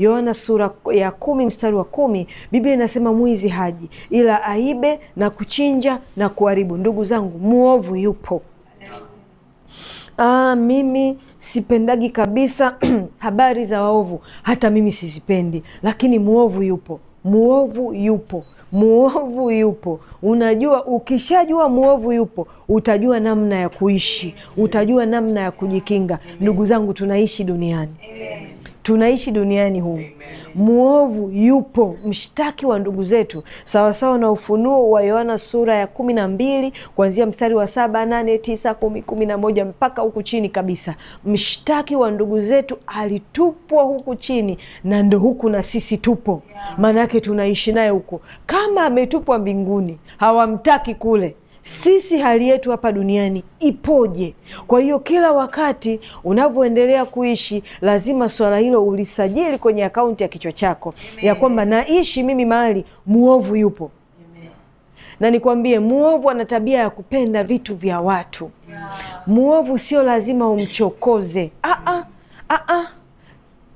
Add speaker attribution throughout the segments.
Speaker 1: Yohana sura ya kumi mstari wa kumi Biblia inasema mwizi haji ila aibe na kuchinja na kuharibu. Ndugu zangu, mwovu yupo. Aa, ah, mimi sipendagi kabisa habari za waovu, hata mimi sizipendi, lakini mwovu yupo, mwovu yupo muovu yupo. Unajua, ukishajua muovu yupo, utajua namna ya kuishi, utajua namna ya kujikinga. Ndugu zangu, tunaishi duniani Amen tunaishi duniani humu. Mwovu yupo, mshtaki wa ndugu zetu, sawasawa na ufunuo wa Yohana sura ya kumi na mbili kuanzia mstari wa saba, nane, tisa, kumi, kumi na moja mpaka huku chini kabisa. Mshtaki wa ndugu zetu alitupwa huku chini, na ndo huku na sisi tupo, maana yake tunaishi naye huku. Kama ametupwa mbinguni, hawamtaki kule sisi hali yetu hapa duniani ipoje? Kwa hiyo kila wakati unavyoendelea kuishi, lazima swala hilo ulisajili kwenye akaunti ya kichwa chako Amen. ya kwamba naishi mimi mahali muovu yupo na nikwambie, mwovu ana tabia ya kupenda vitu vya watu yes. Mwovu sio lazima umchokoze. -ah, ah -ah. ah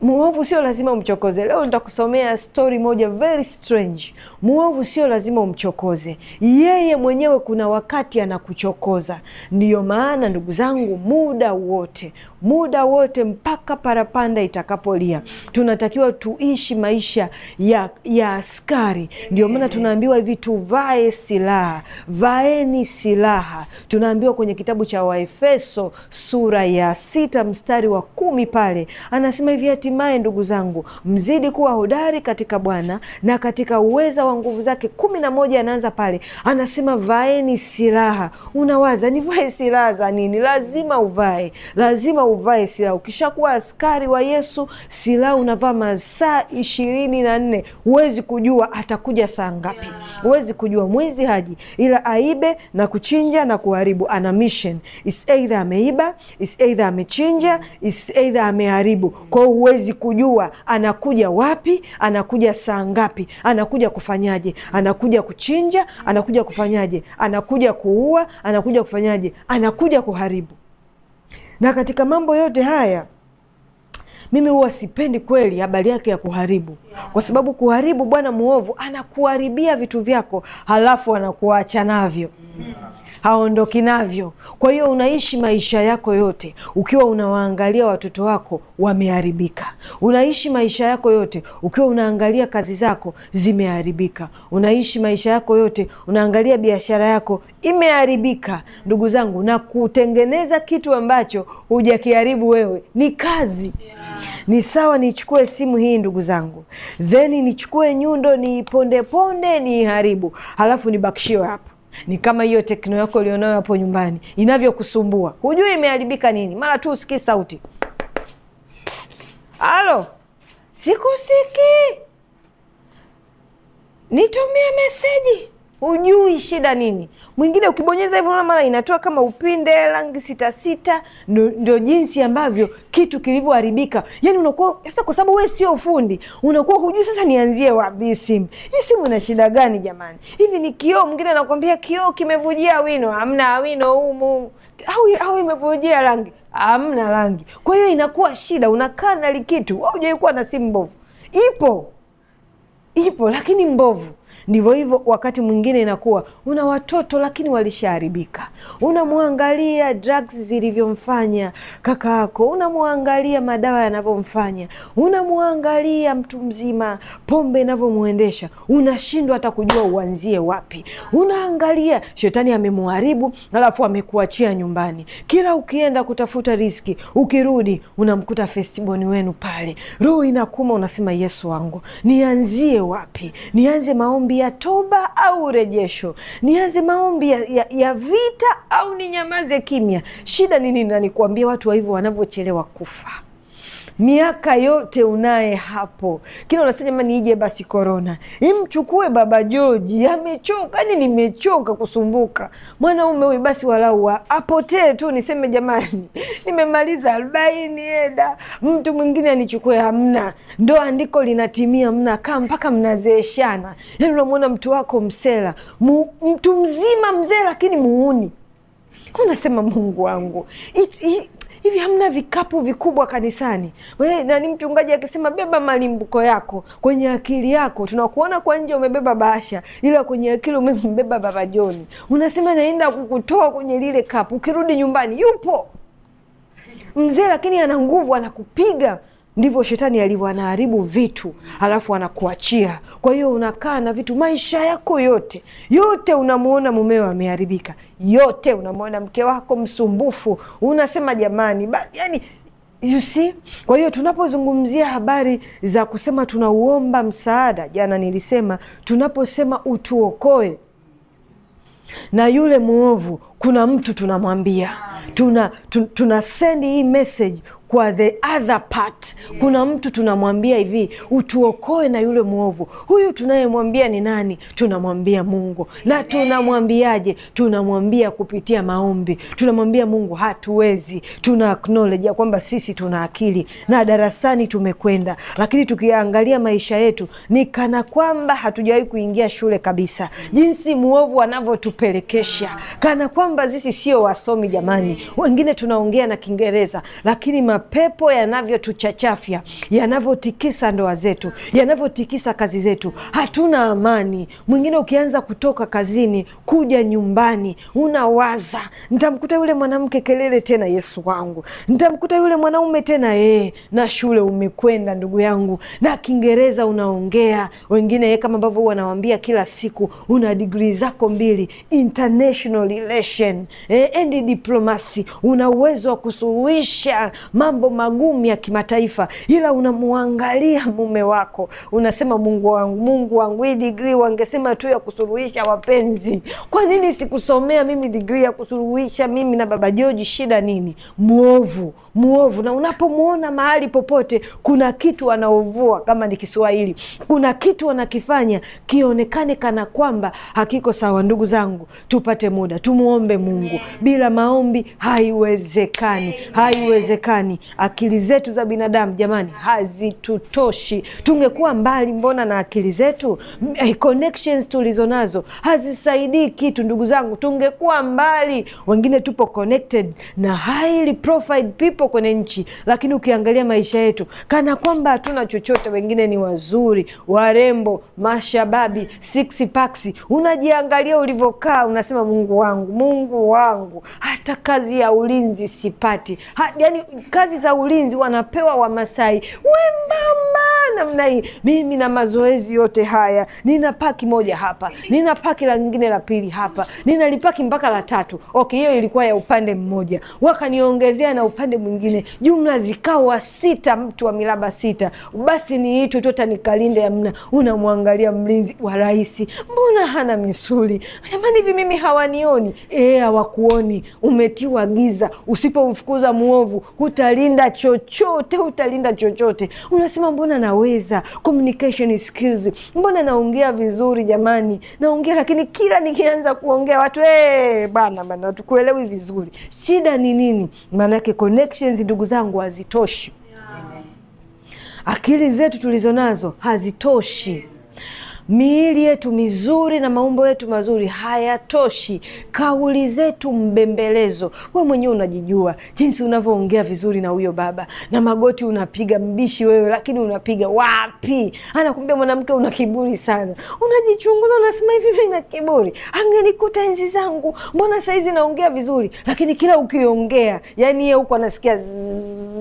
Speaker 1: muovu sio lazima umchokoze. Leo nitakusomea stori moja very strange. Muovu sio lazima umchokoze, yeye mwenyewe kuna wakati anakuchokoza. Ndiyo maana ndugu zangu, muda wote, muda wote, mpaka parapanda itakapolia, tunatakiwa tuishi maisha ya, ya askari. Ndio maana tunaambiwa hivi, tuvae silaha, vaeni silaha. Tunaambiwa kwenye kitabu cha Waefeso sura ya sita mstari wa kumi pale anasema hivi ati Hatimaye ndugu zangu, mzidi kuwa hodari katika Bwana na katika uweza wa nguvu zake. kumi na moja anaanza pale, anasema vaeni silaha. Unawaza, nivae silaha za nini? Lazima uvae, lazima uvae silaha. Ukishakuwa askari wa Yesu, silaha unavaa masaa ishirini na nne. Huwezi kujua atakuja saa ngapi, huwezi kujua. Mwizi haji ila aibe na kuchinja na kuharibu. Ana mission is ameiba is amechinja is ameharibu. kwao huwezi huwezi kujua anakuja wapi, anakuja saa ngapi, anakuja kufanyaje, anakuja kuchinja, anakuja kufanyaje, anakuja kuua, anakuja kufanyaje, anakuja kuharibu. Na katika mambo yote haya mimi huwa sipendi kweli habari yake ya kuharibu, kwa sababu kuharibu, bwana muovu anakuharibia vitu vyako, halafu anakuacha navyo. mm haondoki navyo. Kwa hiyo unaishi maisha yako yote ukiwa unawaangalia watoto wako wameharibika, unaishi maisha yako yote ukiwa unaangalia kazi zako zimeharibika, unaishi maisha yako yote unaangalia biashara yako imeharibika. Ndugu zangu, na kutengeneza kitu ambacho hujakiharibu wewe ni kazi. Ni sawa, nichukue simu hii ndugu zangu, then nichukue nyundo niipondeponde niiharibu, halafu nibakishiwe hapa ni kama hiyo tekno yako ulionayo hapo nyumbani inavyokusumbua, hujui imeharibika nini. Mara tu usikii sauti, halo, sikusiki, nitumie meseji hujui shida nini. Mwingine ukibonyeza hivyo, mara inatoa kama upinde rangi sita sita, ndio jinsi ambavyo kitu kilivyoharibika. Yani unakuwa sasa, kwa sababu wewe sio fundi, unakuwa hujui sasa nianzie wapi simu hii. Simu ina shida gani jamani? Hivi ni kioo. Mwingine anakuambia kioo kimevujia wino, hamna wino humu, au au imevujia rangi, hamna rangi. Kwa hiyo inakuwa shida, unakaa na likitu. Wewe hujui kuwa na simu mbovu? Ipo, ipo, lakini mbovu Ndivyo hivyo, wakati mwingine inakuwa una watoto lakini walishaharibika, unamwangalia drugs zilivyomfanya kaka yako, unamwangalia madawa yanavyomfanya, unamwangalia mtu mzima, pombe inavyomwendesha, unashindwa hata kujua uanzie wapi. Unaangalia shetani amemuharibu alafu amekuachia nyumbani, kila ukienda kutafuta riski, ukirudi unamkuta festiboni wenu pale, roho inakuma, unasema Yesu wangu, nianzie wapi? Nianze maombi maombi ya toba au urejesho? Nianze maombi ya, ya, ya vita au ninyamaze kimya? Shida ni nini? Na nikuambia watu wa hivyo wanavyochelewa kufa miaka yote unaye hapo, kila unasema jamani, ije basi korona imchukue baba Joji, amechoka ani nimechoka kusumbuka mwanaume huyu, basi walau apotee tu, niseme jamani, nimemaliza arobaini, eda mtu mwingine anichukue. Hamna, ndo andiko linatimia, mnakaa mpaka mnazeeshana. Yani unamwona mtu wako msela mtu mzima mzee, lakini muuni unasema Mungu wangu it, it, hivi hamna vikapu vikubwa kanisani? We nani, mchungaji akisema beba malimbuko yako kwenye akili yako, tunakuona kwa nje umebeba bahasha, ila kwenye akili umembeba Baba Joni, unasema naenda kukutoa kwenye lile kapu, ukirudi nyumbani yupo mzee, lakini ana nguvu, anakupiga ndivyo shetani alivyo, anaharibu vitu alafu anakuachia. Kwa hiyo unakaa na vitu maisha yako yote yote, unamwona mumeo ameharibika, yote unamwona mke wako msumbufu, unasema jamani, ba, yani You see? Kwa hiyo tunapozungumzia habari za kusema tunauomba msaada, jana nilisema tunaposema utuokoe na yule mwovu kuna mtu tunamwambia tuna, tuna, send hii message kwa the other part. Kuna mtu tunamwambia hivi, utuokoe na yule mwovu. Huyu tunayemwambia ni nani? Tunamwambia Mungu. Na tunamwambiaje? Tunamwambia kupitia maombi. Tunamwambia Mungu hatuwezi, tuna acknowledge ya kwamba sisi tuna akili na darasani tumekwenda, lakini tukiangalia maisha yetu ni kana kwamba hatujawahi kuingia shule kabisa, jinsi mwovu anavyotupelekesha kana kwamba kwamba sisi sio wasomi jamani, wengine tunaongea na Kiingereza, lakini mapepo yanavyotuchachafya, yanavyotikisa ndoa zetu, yanavyotikisa kazi zetu, hatuna amani. Mwingine ukianza kutoka kazini kuja nyumbani, unawaza ntamkuta yule mwanamke kelele tena, Yesu wangu, ntamkuta yule mwanaume tena, ee, na shule umekwenda ndugu yangu, na Kiingereza unaongea. Wengine eh, kama ambavyo wanawambia kila siku, una digrii zako mbili international negotiation eh, and diplomacy. Una uwezo wa kusuluhisha mambo magumu ya kimataifa, ila unamwangalia mume wako unasema, Mungu wangu, Mungu wangu, hii digrii wangesema tu ya kusuluhisha wapenzi. Kwa nini sikusomea mimi digrii ya kusuluhisha mimi na baba George? Shida nini? Mwovu, mwovu. Na unapomwona mahali popote, kuna kitu anaovua, kama ni Kiswahili, kuna kitu anakifanya kionekane kana kwamba hakiko sawa. Ndugu zangu, tupate muda tumuombe tumwombe Mungu. Bila maombi haiwezekani, haiwezekani. Akili zetu za binadamu jamani, hazitutoshi. Tungekuwa mbali mbona na akili zetu, eh, connections tulizo nazo hazisaidii kitu, ndugu zangu, tungekuwa mbali. Wengine tupo connected na highly profiled people kwenye nchi, lakini ukiangalia maisha yetu kana kwamba hatuna chochote. Wengine ni wazuri, warembo, mashababi, six packs. Unajiangalia ulivyokaa, unasema Mungu wangu, Mungu Mungu wangu, hata kazi ya ulinzi sipati. yani kazi za ulinzi wanapewa Wamasai wembamba namna hii. Mimi na mazoezi yote haya, nina paki moja hapa, nina paki la lingine la pili hapa, nina lipaki mpaka la tatu. Okay, hiyo ilikuwa ya upande mmoja, wakaniongezea na upande mwingine, jumla zikawa sita, mtu wa miraba sita. Basi niitwe tota nikalinde, amna. Unamwangalia mlinzi wa rais, mbona hana misuli jamani, hivi mimi hawanioni? E, wote hawakuoni, umetiwa giza. Usipomfukuza mwovu hutalinda chochote, hutalinda chochote. Unasema mbona naweza communication skills, mbona naongea vizuri? Jamani, naongea lakini kila nikianza kuongea watu ee, bana bana, tukuelewi vizuri. Shida ni nini? Maanake connections, ndugu zangu, hazitoshi. Akili zetu tulizonazo hazitoshi miili yetu mizuri na maumbo yetu mazuri hayatoshi, kauli zetu mbembelezo. We mwenyewe unajijua jinsi unavyoongea vizuri na huyo baba na magoti unapiga mbishi wewe, lakini unapiga wapi? Anakuambia mwanamke, una kiburi sana. Unajichunguza unasema hivi, mimi kiburi? Angenikuta enzi zangu, mbona saizi naongea vizuri? Lakini kila ukiongea, yani ye huko anasikia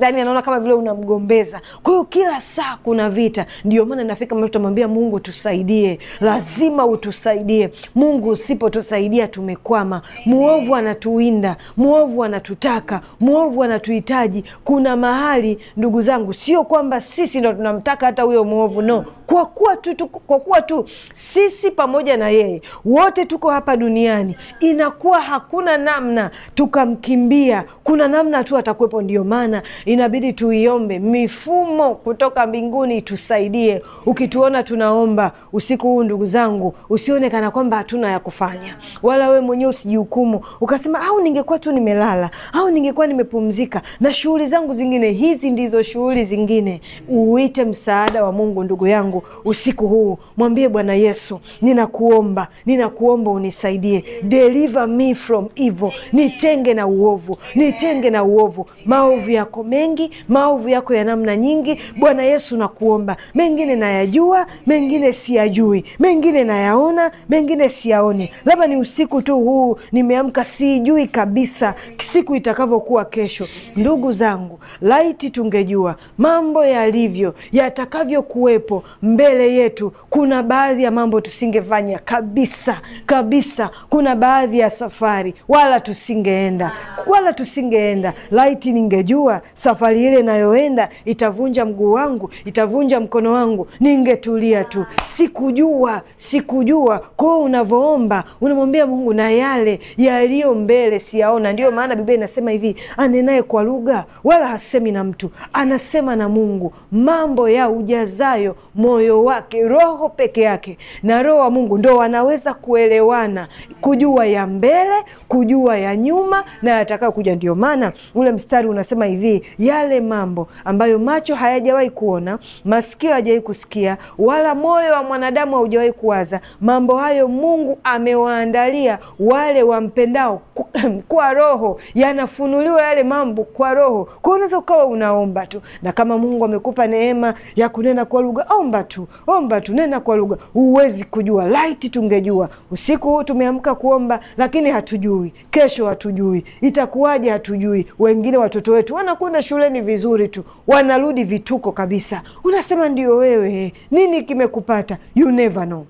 Speaker 1: yani, anaona kama vile unamgombeza. Kwa hiyo kila saa kuna vita. Ndio maana nafika mtu tamwambia Mungu tusaidie utusaidie, lazima utusaidie Mungu. Usipotusaidia tumekwama. Mwovu anatuwinda, mwovu anatutaka, mwovu anatuhitaji. Kuna mahali ndugu zangu, sio kwamba sisi ndo tunamtaka hata huyo mwovu, no. Kwa kuwa tu, tu, kwa kuwa tu sisi pamoja na yeye wote tuko hapa duniani, inakuwa hakuna namna tukamkimbia, kuna namna tu atakuwepo. Ndio maana inabidi tuiombe mifumo kutoka mbinguni itusaidie. Ukituona tunaomba usiku huu, ndugu zangu, usione kana kwamba hatuna ya kufanya, wala wewe mwenyewe usijihukumu ukasema, au ningekuwa tu nimelala, au ningekuwa nimepumzika na shughuli zangu zingine. Hizi ndizo shughuli zingine. Uite msaada wa Mungu, ndugu yangu, usiku huu. Mwambie Bwana Yesu, ninakuomba, ninakuomba unisaidie, deliver me from evil, nitenge na uovu, nitenge na uovu. Maovu yako mengi, maovu yako ya namna nyingi. Bwana Yesu, nakuomba, mengine nayajua, mengine siyajua siyajui, mengine nayaona, mengine siyaoni. Labda ni usiku tu huu nimeamka, sijui kabisa siku itakavyokuwa kesho. Ndugu zangu, laiti tungejua mambo yalivyo, yatakavyokuwepo mbele yetu, kuna baadhi ya mambo tusingefanya kabisa kabisa. Kuna baadhi ya safari wala tusingeenda, wala tusingeenda. Laiti ningejua safari ile nayoenda itavunja mguu wangu, itavunja mkono wangu, ningetulia tu siku sikujua, sikujua. Kwao unavyoomba unamwambia Mungu na yale yaliyo mbele siyaona. Ndiyo maana Biblia inasema hivi, anenaye kwa lugha wala hasemi na mtu, anasema na Mungu, mambo ya ujazayo moyo wake. Roho peke yake na Roho wa Mungu ndo wanaweza kuelewana, kujua ya mbele, kujua ya nyuma na yatakayo kuja. Ndio maana ule mstari unasema hivi, yale mambo ambayo macho hayajawahi kuona, masikio hayajawahi kusikia, wala moyo wa mwana mwanadamu haujawahi kuwaza mambo hayo. Mungu amewaandalia wale wampendao kwa roho, yanafunuliwa yale mambo kwa roho. Kwa unaweza ukawa unaomba tu, na kama Mungu amekupa neema ya kunena kwa lugha, omba tu, omba tu, nena kwa lugha. Huwezi kujua. Laiti tungejua. Usiku huu tumeamka kuomba, lakini hatujui kesho, hatujui itakuwaje, hatujui. Wengine watoto wetu wanakwenda shuleni vizuri tu, wanarudi vituko kabisa. Unasema ndio wewe, nini kimekupata? You never know.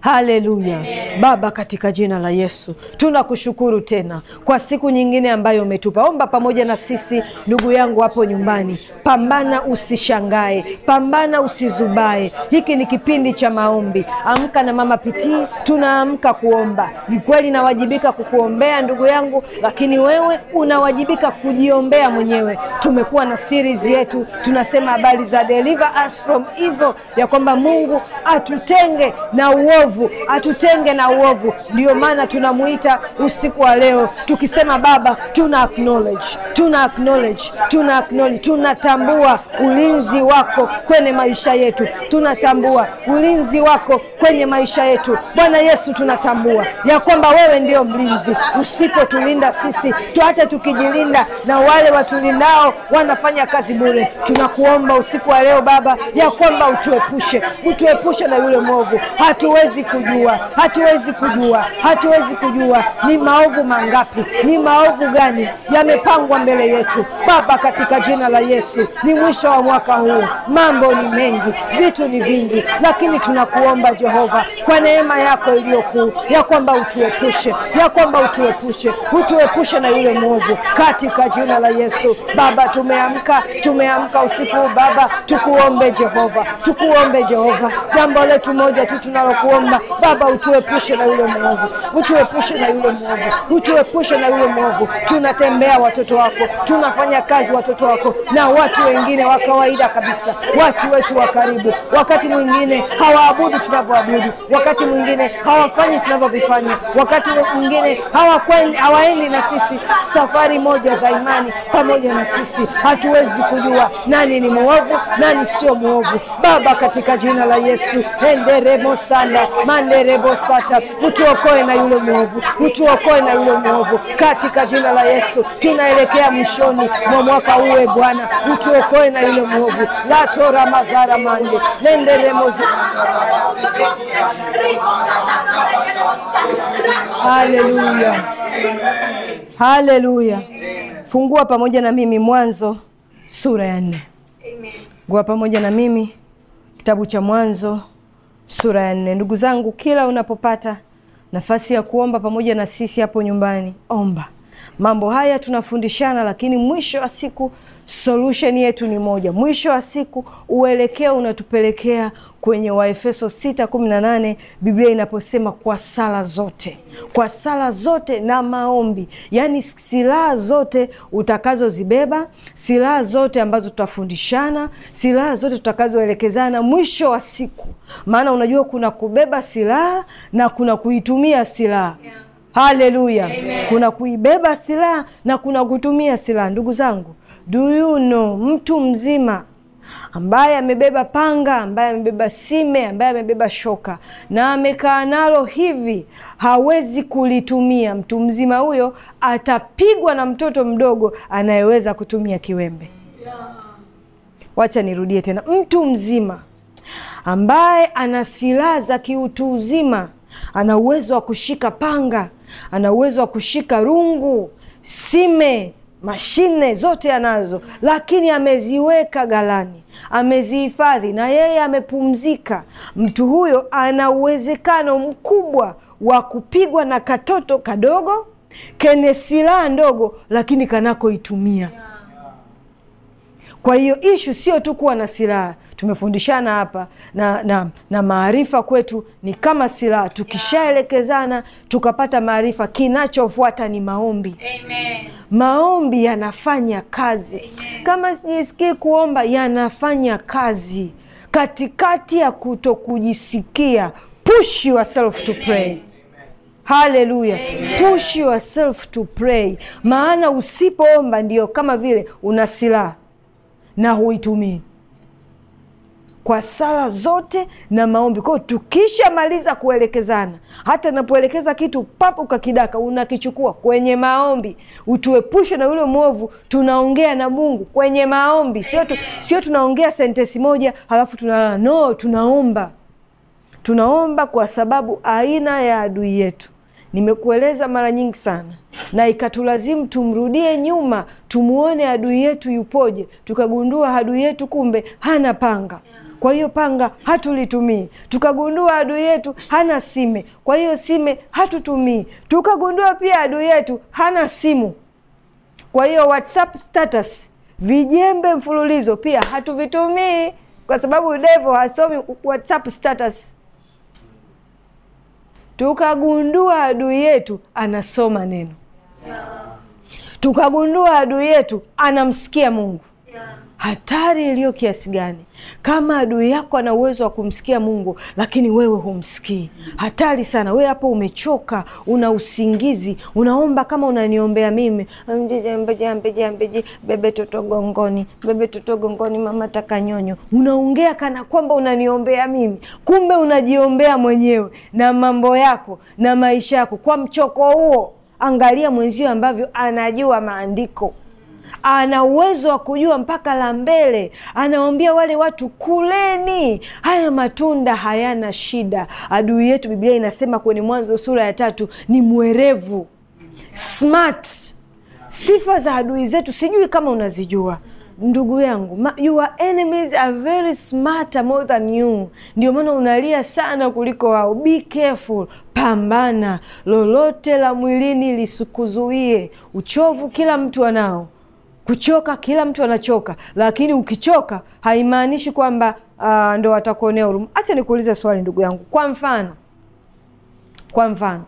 Speaker 1: Haleluya Baba, katika jina la Yesu tunakushukuru tena kwa siku nyingine ambayo umetupa. Omba pamoja na sisi, ndugu yangu hapo nyumbani, pambana, usishangae, pambana, usizubae. Hiki ni kipindi cha maombi. Amka na mama Pitii, tunaamka kuomba. Ni kweli nawajibika kukuombea ndugu yangu, lakini wewe unawajibika kujiombea mwenyewe. Tumekuwa na series yetu, tunasema habari za deliver us from evil, ya kwamba Mungu atutenge na uovu uovu, atutenge na uovu. ndio maana tunamuita usiku wa leo tukisema, Baba, tuna acknowledge, tuna acknowledge, tuna acknowledge, tunatambua ulinzi wako kwenye maisha yetu, tunatambua ulinzi wako kwenye maisha yetu. Bwana Yesu, tunatambua ya kwamba wewe ndio mlinzi. Usipotulinda sisi tu, hata tukijilinda na wale watulindao wanafanya kazi bure. Tunakuomba usiku wa leo Baba ya kwamba utuepushe, utuepushe na yule mwovu. Hatuwezi hatuwezi kujua, hatuwezi kujua, hatuwezi kujua ni maovu mangapi, ni maovu gani yamepangwa mbele yetu. Baba, katika jina la Yesu, ni mwisho wa mwaka huu, mambo ni mengi, vitu ni vingi, lakini tunakuomba Jehova, kwa neema yako iliyokuu, ya kwamba utuepushe, ya kwamba utuepushe, utuepushe na yule mwovu, katika jina la Yesu. Baba, tumeamka, tumeamka usiku huu Baba, tukuombe Jehova, tukuombe Jehova, jambo letu moja tu tunalokuomba mama. Baba, utuepushe na yule mwovu, utuepushe na yule mwovu, utuepushe na yule mwovu. Tunatembea watoto wako, tunafanya kazi watoto wako, na watu wengine wa kawaida kabisa, watu wetu wa karibu, wakati mwingine hawaabudu tunavyoabudu, wakati mwingine hawafanyi tunavyovifanya, wakati mwingine hawaendi na sisi safari moja za imani pamoja na sisi. Hatuwezi kujua nani ni mwovu, nani sio mwovu. Baba, katika jina la Yesu enderemo sana manderebo sata, utuokoe na yule mwovu, utuokoe na yule mwovu katika jina la Yesu. Tunaelekea mwishoni mwa mwaka uwe Bwana, utuokoe na yule mwovu latora mazara mande nenderemo Haleluya, haleluya. Fungua pamoja na mimi Mwanzo sura ya nne. Fungua pamoja na mimi kitabu cha Mwanzo sura ya nne. Ndugu zangu, kila unapopata nafasi ya kuomba pamoja na sisi hapo nyumbani, omba. Mambo haya tunafundishana, lakini mwisho wa siku solution yetu ni moja. Mwisho wa siku uelekeo unatupelekea kwenye Waefeso 6:18 Biblia inaposema kwa sala zote, kwa sala zote na maombi, yaani silaha zote utakazozibeba, silaha zote ambazo tutafundishana, silaha zote tutakazoelekezana mwisho wa siku. Maana unajua kuna kubeba silaha na kuna kuitumia silaha yeah. Haleluya! kuna kuibeba silaha na kuna kutumia silaha. Ndugu zangu, do you know, mtu mzima ambaye amebeba panga, ambaye amebeba sime, ambaye amebeba shoka na amekaa nalo hivi, hawezi kulitumia. Mtu mzima huyo atapigwa na mtoto mdogo anayeweza kutumia kiwembe. Wacha nirudie tena, mtu mzima ambaye ana silaha za kiutu uzima, ana uwezo wa kushika panga, ana uwezo wa kushika rungu, sime mashine zote anazo, lakini ameziweka galani amezihifadhi, na yeye amepumzika. Mtu huyo ana uwezekano mkubwa wa kupigwa na katoto kadogo kene silaha ndogo, lakini kanakoitumia kwa hiyo ishu sio tu kuwa na silaha, tumefundishana hapa na, na, na maarifa kwetu ni kama silaha. Tukishaelekezana tukapata maarifa, kinachofuata ni maombi. Amen. Maombi yanafanya kazi. Amen. Kama sijisikii kuomba, yanafanya kazi katikati ya kutokujisikia. Push yourself to pray. Haleluya, push yourself to pray, maana usipoomba ndio kama vile una silaha na huitumii kwa sala zote na maombi. kwao. tukishamaliza kuelekezana, hata napoelekeza kitu papo kakidaka, unakichukua kwenye maombi, utuepushe na yule mwovu. Tunaongea na Mungu kwenye maombi, sio tu, sio tunaongea sentensi moja halafu tunalala. No, tunaomba, tunaomba kwa sababu aina ya adui yetu Nimekueleza mara nyingi sana, na ikatulazimu tumrudie nyuma, tumuone adui yetu yupoje, tukagundua adui yetu kumbe hana panga kwa hiyo panga hatulitumii. Tukagundua adui yetu hana sime, kwa hiyo sime hatutumii. Tukagundua pia adui yetu hana simu, kwa hiyo WhatsApp status, vijembe mfululizo pia hatuvitumii, kwa sababu devo hasomi WhatsApp status tukagundua adui yetu anasoma neno, tukagundua adui yetu anamsikia Mungu, hatari iliyo kiasi gani kama adui yako ana uwezo wa kumsikia Mungu lakini wewe humsikii. Hatari sana. wee hapo umechoka, una usingizi, unaomba kama unaniombea mimi, mjejambejambejambeji, bebe toto gongoni, bebe toto gongoni, mama takanyonyo. Unaongea kana kwamba unaniombea mimi, kumbe unajiombea mwenyewe na mambo yako na maisha yako. Kwa mchoko huo, angalia mwenzio ambavyo anajua maandiko ana uwezo wa kujua mpaka la mbele. anawambia wale watu kuleni, haya matunda hayana shida. Adui yetu, Biblia inasema kwenye Mwanzo sura ya tatu, ni mwerevu smart. Sifa za adui zetu sijui kama unazijua ndugu yangu, your enemies are very smarter more than you. Ndio maana unalia sana kuliko wao. Be careful, pambana. Lolote la mwilini lisikuzuie. Uchovu kila mtu anao. Kuchoka kila mtu anachoka, lakini ukichoka haimaanishi kwamba uh, ndo watakuonea huruma. Acha nikuulize swali ndugu yangu, kwa mfano, kwa mfano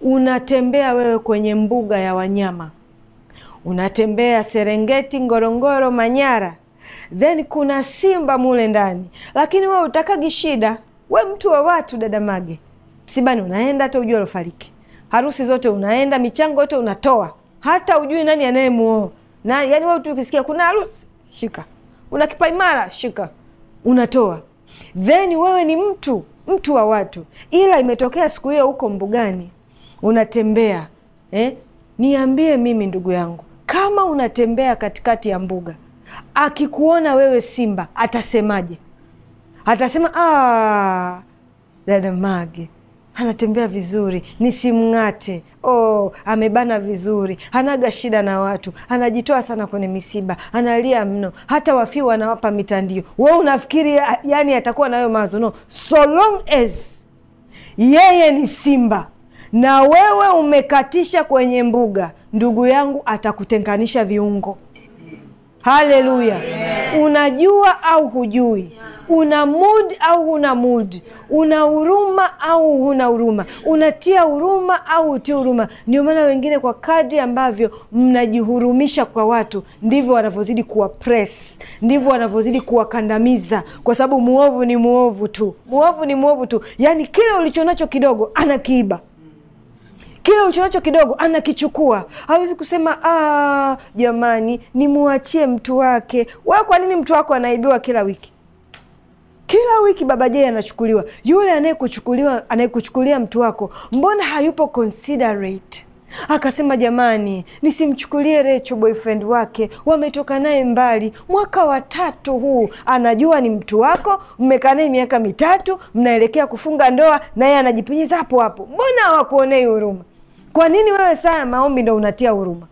Speaker 1: unatembea wewe kwenye mbuga ya wanyama, unatembea Serengeti, Ngorongoro, Manyara, then kuna simba mule ndani, lakini wewe utakagi shida, we mtu wa watu, dada Mage, msibani unaenda hata ujue alofariki, harusi zote unaenda, michango yote unatoa, hata ujui nani anayemuoa na yani wewe tu ukisikia kuna harusi shika, una kipaimara shika, unatoa then wewe ni mtu mtu wa watu, ila imetokea siku hiyo huko mbugani unatembea eh? Niambie mimi ndugu yangu, kama unatembea katikati ya mbuga, akikuona wewe simba atasemaje? Atasema ah, dada Mage anatembea vizuri, nisimng'ate. Oh, amebana vizuri, hanaga shida na watu, anajitoa sana kwenye misiba, analia mno, hata wafii wanawapa mitandio. We unafikiri yani atakuwa nayo mazo? No, so long as yeye ni simba na wewe umekatisha kwenye mbuga, ndugu yangu, atakutenganisha viungo haleluya unajua au hujui una mud au huna mud una huruma au huna huruma unatia huruma au hutia huruma ndio maana wengine kwa kadri ambavyo mnajihurumisha kwa watu ndivyo wanavyozidi kuwa press ndivyo wanavyozidi kuwakandamiza kwa sababu muovu ni muovu tu muovu ni muovu tu yaani kile ulichonacho kidogo anakiiba kile ulichonacho kidogo anakichukua. Hawezi kusema ah, jamani, nimuachie mtu wake. we kwa nini mtu wako anaibiwa kila wiki? Kila wiki Baba J anachukuliwa. Yule anayekuchukuliwa anayekuchukulia mtu wako, mbona hayupo considerate? Akasema jamani, nisimchukulie Recho boyfriend wake, wametoka naye mbali, mwaka wa tatu huu. Anajua ni mtu wako, mmekaa naye miaka mitatu, mnaelekea kufunga ndoa, naye anajipinyiza hapo hapo. Mbona hawakuonei huruma? Kwa nini wewe saa ya maombi ndo unatia huruma?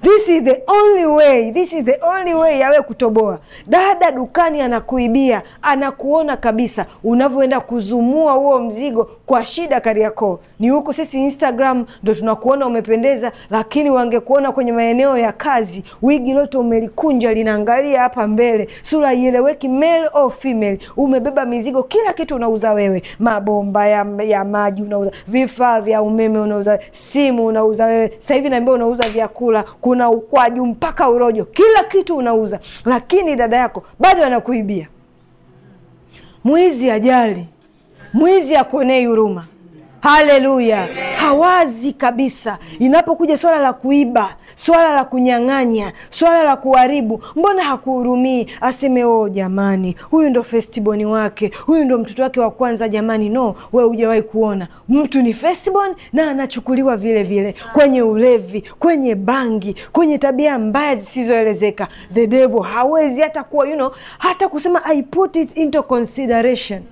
Speaker 1: This is the only way, this is the only way yawe kutoboa. Dada dukani anakuibia, anakuona kabisa unavyoenda kuzumua huo mzigo kwa shida. Kariakoo ni huku, sisi Instagram ndo tunakuona umependeza, lakini wangekuona kwenye maeneo ya kazi, wigi lote umelikunja linaangalia hapa mbele, sura ieleweki, male or female, umebeba mizigo, kila kitu unauza wewe, mabomba ya, ya maji unauza, vifaa vya umeme unauza, simu unauza wewe. Sasa hivi naambia unauza vyakula kuna ukwaju mpaka urojo, kila kitu unauza, lakini dada yako bado anakuibia. Mwizi ajali, mwizi akonei huruma. Haleluya, hawazi kabisa. Inapokuja swala la kuiba, swala la kunyang'anya, swala la kuharibu, mbona hakuhurumii aseme oo, oh, jamani, huyu ndo festiboni wake, huyu ndo mtoto wake wa kwanza? Jamani, no, we hujawahi kuona mtu ni festibon na anachukuliwa vile vile kwenye ulevi, kwenye bangi, kwenye tabia mbaya zisizoelezeka. The devil hawezi hata kuwa you know, hata kusema I put it into consideration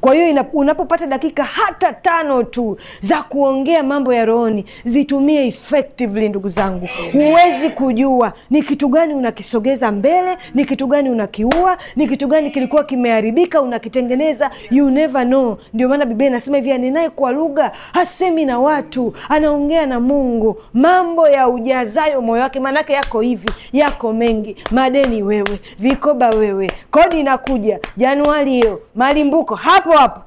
Speaker 1: kwa hiyo unapopata dakika hata tano tu za kuongea mambo ya rohoni, zitumie effectively ndugu zangu. Huwezi kujua ni kitu gani unakisogeza mbele, ni kitu gani unakiua, ni kitu gani kilikuwa kimeharibika unakitengeneza. You never know. Ndio maana Biblia inasema hivi, anenaye kwa lugha hasemi na watu, anaongea na Mungu. Mambo ya ujazayo moyo wake, maanake yako hivi, yako mengi, madeni wewe, vikoba wewe, kodi inakuja Januari hiyo, malimbuko hapo hapo hapo,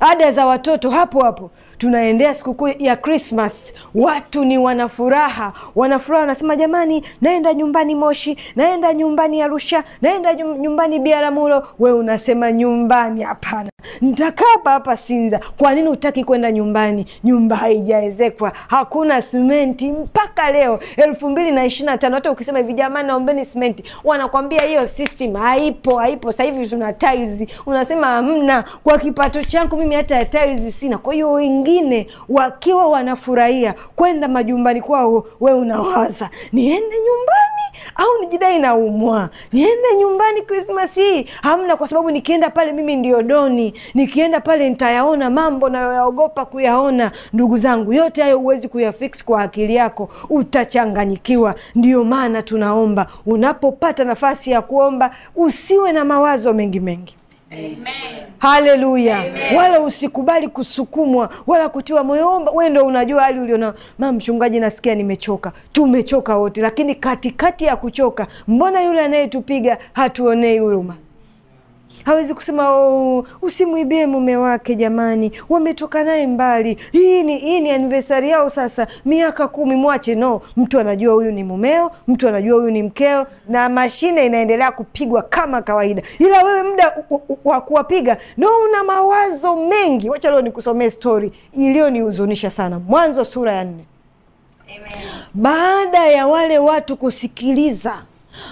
Speaker 1: ada za watoto hapo hapo, tunaendea sikukuu ya Krismas, watu ni wanafuraha, wanafuraha, wanasema jamani, naenda nyumbani Moshi, naenda nyumbani Arusha, naenda nyumbani Biaramulo. We unasema nyumbani? Hapana, ntakapa hapa hapa Sinza. Kwa nini utaki kwenda nyumbani? Nyumba haijaezekwa, hakuna simenti mpaka leo elfu mbili na ishirini na tano. Hata ukisema hivi, jamani, naombeni simenti, wanakwambia hiyo system haipo, haipo. Sasa hivi tuna tiles, unasema hamna. Kwa kipato changu mimi hata tiles sina, kwa hiyo wengine wakiwa wanafurahia kwenda majumbani kwao, we unawaza niende nyumbani au nijidai naumwa, niende nyumbani Krismas hii? Hamna, kwa sababu nikienda pale mimi ndio doni, nikienda pale nitayaona mambo nayoyaogopa kuyaona. Ndugu zangu, yote hayo huwezi kuyafix kwa akili yako, utachanganyikiwa. Ndiyo maana tunaomba, unapopata nafasi ya kuomba usiwe na mawazo mengi mengi. Haleluya! Wala usikubali kusukumwa wala kutiwa moyo. we ndo unajua hali uliona ma mchungaji, nasikia nimechoka. Tumechoka wote, lakini katikati ya kuchoka, mbona yule anayetupiga hatuonei huruma? hawezi kusema oh, usimwibie mume wake jamani, wametoka naye mbali, hii ni hii ni anniversary yao sasa miaka kumi, mwache. No, mtu anajua huyu ni mumeo, mtu anajua huyu ni mkeo, na mashine inaendelea kupigwa kama kawaida, ila wewe muda wa kuwapiga no, una mawazo mengi. Wacha leo nikusomee stori iliyonihuzunisha sana, Mwanzo sura ya nne. Amen. Baada ya wale watu kusikiliza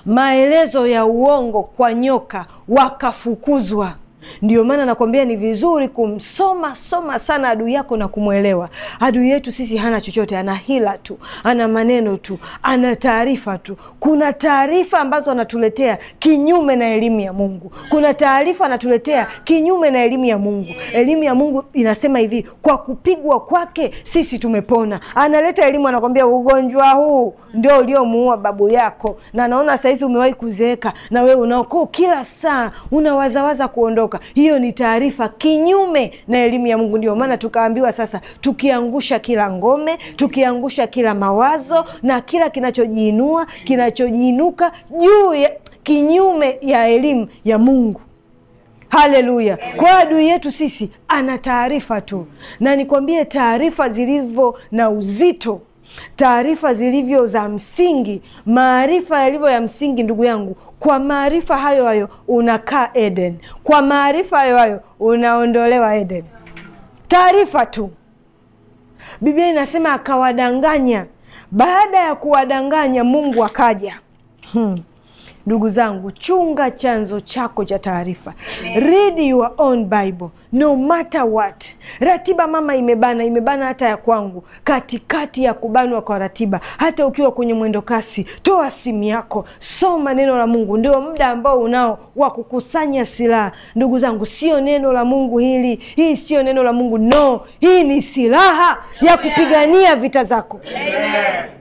Speaker 1: maelezo ya uongo kwa nyoka, wakafukuzwa. Ndio maana nakwambia ni vizuri kumsoma soma sana adui yako na kumwelewa adui yetu. Sisi hana chochote, ana hila tu, ana maneno tu, ana taarifa tu. Kuna taarifa ambazo anatuletea kinyume na elimu ya Mungu. Kuna taarifa anatuletea kinyume na elimu ya Mungu. Elimu ya Mungu inasema hivi, kwa kupigwa kwake sisi tumepona. Analeta elimu, anakwambia ugonjwa huu ndio uliomuua babu yako, na naona sahizi umewahi kuzeeka na wewe unaokoo kila saa unawazawaza kuondoka kuondoka. Hiyo ni taarifa kinyume na elimu ya Mungu. Ndio maana tukaambiwa sasa, tukiangusha kila ngome, tukiangusha kila mawazo na kila kinachojiinua, kinachojiinuka juu ya kinyume ya elimu ya Mungu. Haleluya! Kwa adui yetu sisi ana taarifa tu, na nikwambie taarifa zilivyo na uzito taarifa zilivyo za msingi, maarifa yalivyo ya msingi, ndugu yangu, kwa maarifa hayo hayo unakaa Eden, kwa maarifa hayo hayo unaondolewa Eden. Taarifa tu. Biblia inasema akawadanganya. Baada ya kuwadanganya, Mungu akaja. hmm. Ndugu zangu, chunga chanzo chako cha taarifa. Read your own Bible no matter what. Ratiba mama imebana, imebana hata ya kwangu. Katikati ya kubanwa kwa ratiba, hata ukiwa kwenye mwendo kasi, toa simu yako, soma neno la Mungu. Ndio muda ambao unao wa kukusanya silaha. Ndugu zangu, sio neno la Mungu hili, hii sio neno la Mungu, no. Hii ni silaha ya kupigania vita zako.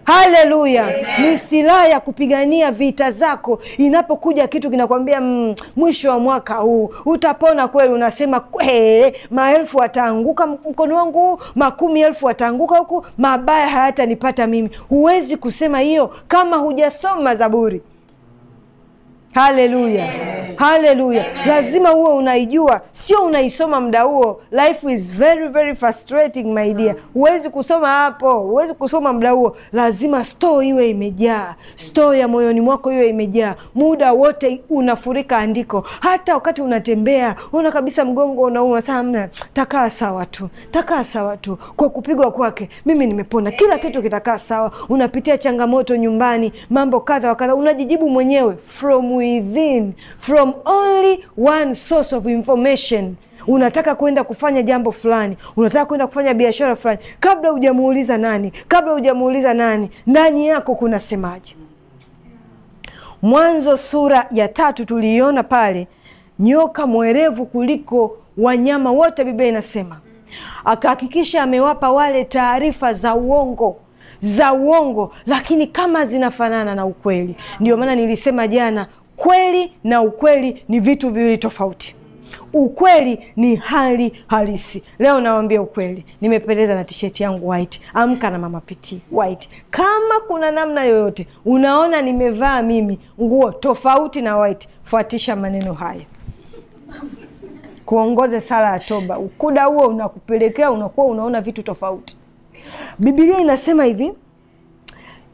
Speaker 1: Haleluya, ni silaha ya kupigania vita zako. Inapokuja kitu kinakwambia, mm, mwisho wa mwaka huu utapona kweli, unasema kweli eh, maelfu wataanguka mkono wangu, makumi elfu wataanguka huku, mabaya hayatanipata mimi. Huwezi kusema hiyo kama hujasoma Zaburi haleluya haleluya lazima uwe unaijua sio unaisoma mda huo life is very very frustrating my dear huwezi kusoma hapo huwezi kusoma mda huo lazima stoo iwe imejaa stoo ya moyoni mwako iwe imejaa muda wote unafurika andiko hata wakati unatembea una kabisa mgongo unauma samna takaa sawa tu takaa sawa tu kwa kupigwa kwake mimi nimepona kila kitu kitakaa sawa unapitia changamoto nyumbani mambo kadha wakadha unajijibu mwenyewe from within from only one source of information. Unataka kwenda kufanya jambo fulani, unataka kwenda kufanya biashara fulani, kabla hujamuuliza nani, kabla hujamuuliza nani, ndani yako kuna semaji Mwanzo sura ya tatu tuliiona pale, nyoka mwerevu kuliko wanyama wote, Biblia inasema akahakikisha amewapa wale taarifa za uongo za uongo, lakini kama zinafanana na ukweli. Ndio maana nilisema jana, Kweli na ukweli ni vitu viwili tofauti. Ukweli ni hali halisi. Leo nawambia ukweli, nimependeza na tisheti yangu white. Amka na mama piti white. Kama kuna namna yoyote unaona nimevaa mimi nguo tofauti na white, fuatisha maneno haya kuongoze sala ya toba. Ukuda huo unakupelekea unakuwa unaona vitu tofauti. Biblia inasema hivi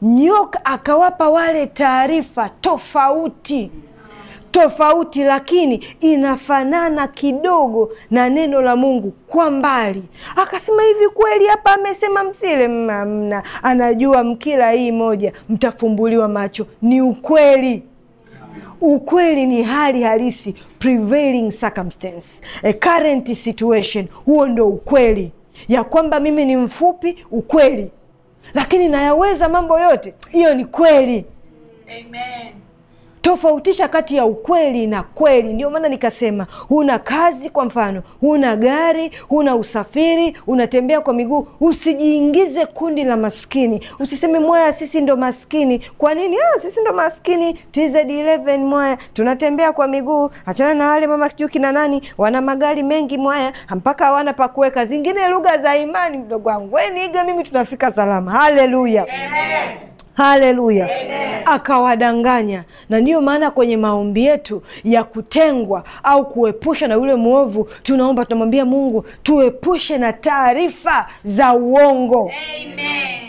Speaker 1: nyoka akawapa wale taarifa tofauti tofauti lakini inafanana kidogo na neno la Mungu kwa mbali. Akasema, hivi kweli hapa amesema msile? mamna anajua mkila hii moja mtafumbuliwa macho. Ni ukweli. Ukweli ni hali halisi, prevailing circumstance, a current situation. Huo ndo ukweli, ya kwamba mimi ni mfupi. Ukweli lakini nayaweza mambo yote. Hiyo ni kweli. Amen tofautisha kati ya ukweli na kweli. Ndio maana nikasema huna kazi, kwa mfano, huna gari, huna usafiri, unatembea kwa miguu, usijiingize kundi la maskini. Usiseme mwaya, sisi ndo maskini. Kwa nini? Ah, sisi ndo maskini TZ11 mwaya, tunatembea kwa miguu. Achana na wale mama sijui kina nani, wana magari mengi mwaya, mpaka hawana pa kuweka. Zingine lugha za imani, mdogo wangu, we mimi, tunafika salama. Haleluya, yeah haleluya akawadanganya na ndiyo maana kwenye maombi yetu ya kutengwa au kuepusha na yule mwovu tunaomba tunamwambia mungu tuepushe na taarifa za uongo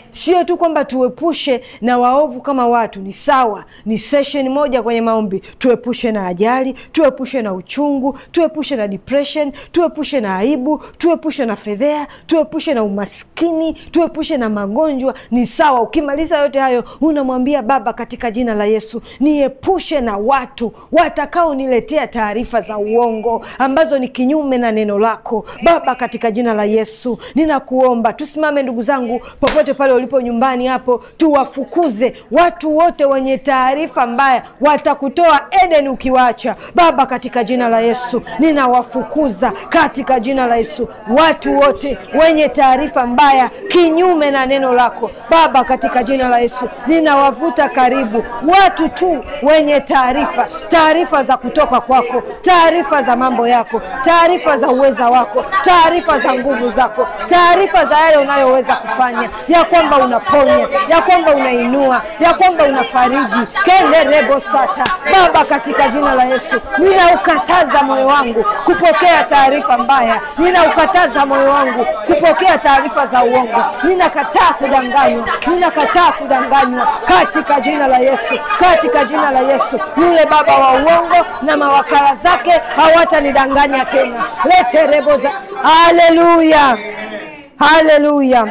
Speaker 1: sio tu kwamba tuepushe na waovu kama watu ni sawa ni seshen moja kwenye maombi tuepushe na ajali tuepushe na uchungu tuepushe na depression tuepushe na aibu tuepushe na fedhea tuepushe na umaskini tuepushe na magonjwa ni sawa ukimaliza yote hayo leo unamwambia Baba, katika jina la Yesu niepushe na watu watakaoniletea taarifa za uongo ambazo ni kinyume na neno lako Baba, katika jina la Yesu ninakuomba. Tusimame ndugu zangu, popote pale ulipo nyumbani hapo, tuwafukuze watu wote wenye taarifa mbaya, watakutoa Eden ukiwaacha Baba, katika jina la Yesu ninawafukuza katika jina la Yesu watu wote wenye taarifa mbaya kinyume na neno lako Baba, katika jina la Yesu ninawavuta linawavuta karibu watu tu wenye taarifa, taarifa za kutoka kwako, taarifa za mambo yako, taarifa za uweza wako, taarifa za nguvu zako, taarifa za yale unayoweza kufanya, ya kwamba unaponya, ya kwamba unainua, ya kwamba unafariji. rebo sata Baba, katika jina la Yesu ninaukataza moyo wangu kupokea taarifa mbaya, ninaukataza moyo wangu kupokea taarifa za uongo, ninakataa kudanganywa, ninakataa kudanganywa kufanywa katika jina la Yesu, katika jina la Yesu. Yule baba wa uongo na mawakala zake hawatanidanganya tena. Lete rebo za haleluya, haleluya.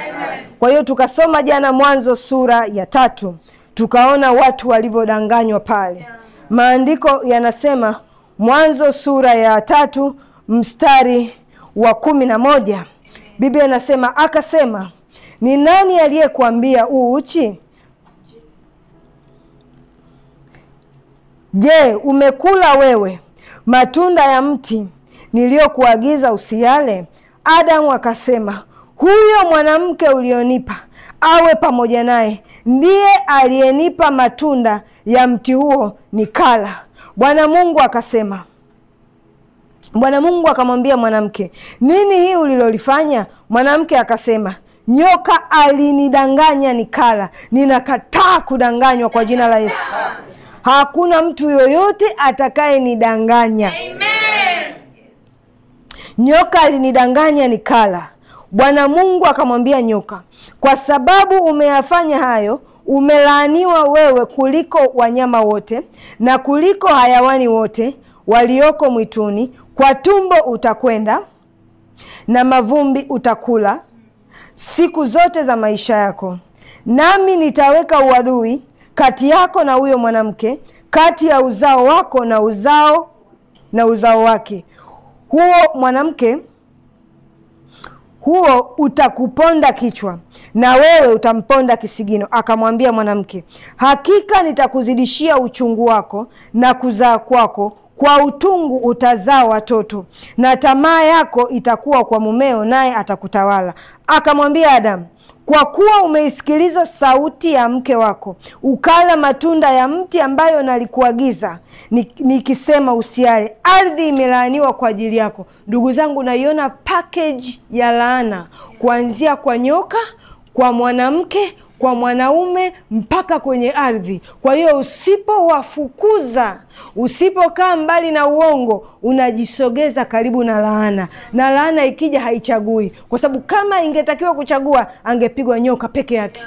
Speaker 1: Kwa hiyo tukasoma jana Mwanzo sura ya tatu, tukaona watu walivyodanganywa pale. Maandiko yanasema Mwanzo sura ya tatu mstari wa kumi na moja Biblia inasema akasema, ni nani aliyekuambia u uchi? Je, umekula wewe matunda ya mti niliyokuagiza usiale Adamu akasema, huyo mwanamke ulionipa awe pamoja naye ndiye aliyenipa matunda ya mti huo nikala. Bwana Mungu akasema Bwana Mungu akamwambia mwanamke, nini hii ulilolifanya? Mwanamke akasema, nyoka alinidanganya nikala. Ninakataa kudanganywa kwa jina la Yesu hakuna mtu yoyote atakayenidanganya. Amen. Nyoka alinidanganya nikala. Bwana Mungu akamwambia nyoka, kwa sababu umeyafanya hayo, umelaaniwa wewe kuliko wanyama wote na kuliko hayawani wote walioko mwituni. Kwa tumbo utakwenda na mavumbi utakula siku zote za maisha yako, nami nitaweka uadui kati yako na huyo mwanamke, kati ya uzao wako na uzao na uzao wake, huo mwanamke huo utakuponda kichwa na wewe utamponda kisigino. Akamwambia mwanamke, hakika nitakuzidishia uchungu wako na kuzaa kwako, kwa utungu utazaa watoto, na tamaa yako itakuwa kwa mumeo, naye atakutawala. Akamwambia Adamu, kwa kuwa umeisikiliza sauti ya mke wako, ukala matunda ya mti ambayo nalikuagiza nikisema ni usiale, ardhi imelaaniwa kwa ajili yako. Ndugu zangu, naiona package ya laana kuanzia kwa nyoka, kwa mwanamke kwa mwanaume mpaka kwenye ardhi. Kwa hiyo usipowafukuza, usipokaa mbali na uongo, unajisogeza karibu na laana, na laana ikija haichagui, kwa sababu kama ingetakiwa kuchagua angepigwa nyoka peke yake.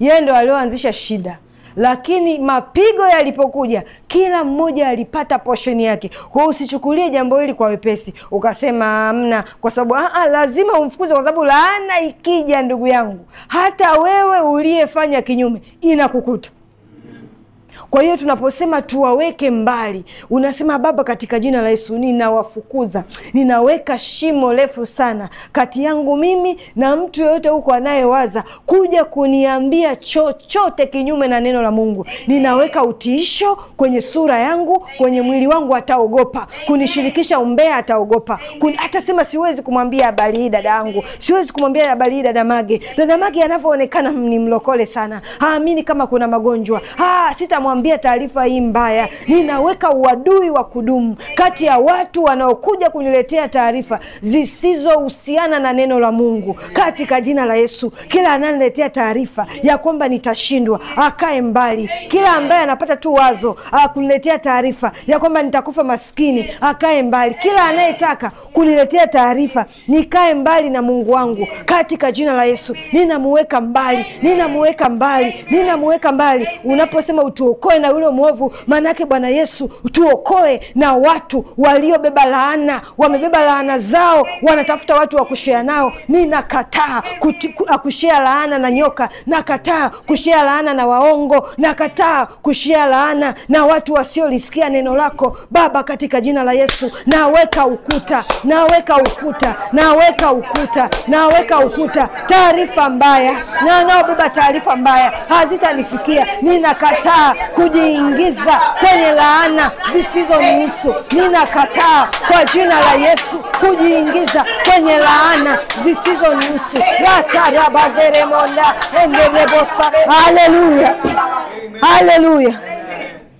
Speaker 1: Yeye ndo alioanzisha shida lakini mapigo yalipokuja, kila mmoja alipata posheni yake. Kwa hiyo usichukulie jambo hili kwa wepesi ukasema amna, kwa sababu aa, ah, ah, lazima umfukuze, kwa sababu laana ikija, ndugu yangu, hata wewe uliyefanya kinyume inakukuta. Kwa hiyo tunaposema tuwaweke mbali, unasema Baba, katika jina la Yesu ninawafukuza, ninaweka shimo refu sana kati yangu mimi na mtu yoyote huko anayewaza kuja kuniambia chochote kinyume na neno la Mungu. Ninaweka utiisho kwenye sura yangu, kwenye mwili wangu, ataogopa kunishirikisha umbea, ataogopa atasema siwezi kumwambia habari hii dada yangu, siwezi kumwambia habari hii dada Mage. Dada Mage anavyoonekana ni mlokole sana, haamini kama kuna magonjwa, sitamwambia kukuambia taarifa hii mbaya, ninaweka uadui wa kudumu kati ya watu wanaokuja kuniletea taarifa zisizohusiana na neno la Mungu, katika jina la Yesu. Kila ananiletea taarifa ya kwamba nitashindwa akae mbali. Kila ambaye anapata tu wazo ah, kuniletea taarifa ya kwamba nitakufa maskini akae mbali. Kila anayetaka kuniletea taarifa nikae mbali na Mungu wangu, katika jina la Yesu ninamuweka mbali, ninamuweka mbali, ninamuweka mbali. Unaposema utuokoe tuwe na yule mwovu, maanake Bwana Yesu tuokoe na watu waliobeba laana, wamebeba laana zao, wanatafuta watu wa kushea nao. Ninakataa ah, kushea laana na nyoka, nakataa kushea laana na waongo, nakataa kushea laana na watu wasiolisikia neno lako Baba, katika jina la Yesu. Naweka ukuta, naweka ukuta, naweka ukuta, naweka ukuta. Taarifa mbaya na naobeba taarifa mbaya hazitanifikia. Ninakataa kujiingiza kwenye laana nusu. Ninakataa kwa jina la Yesu kujiingiza kwenye laana nusu. ratarabazeremonda endelebosa. Haleluya, haleluya.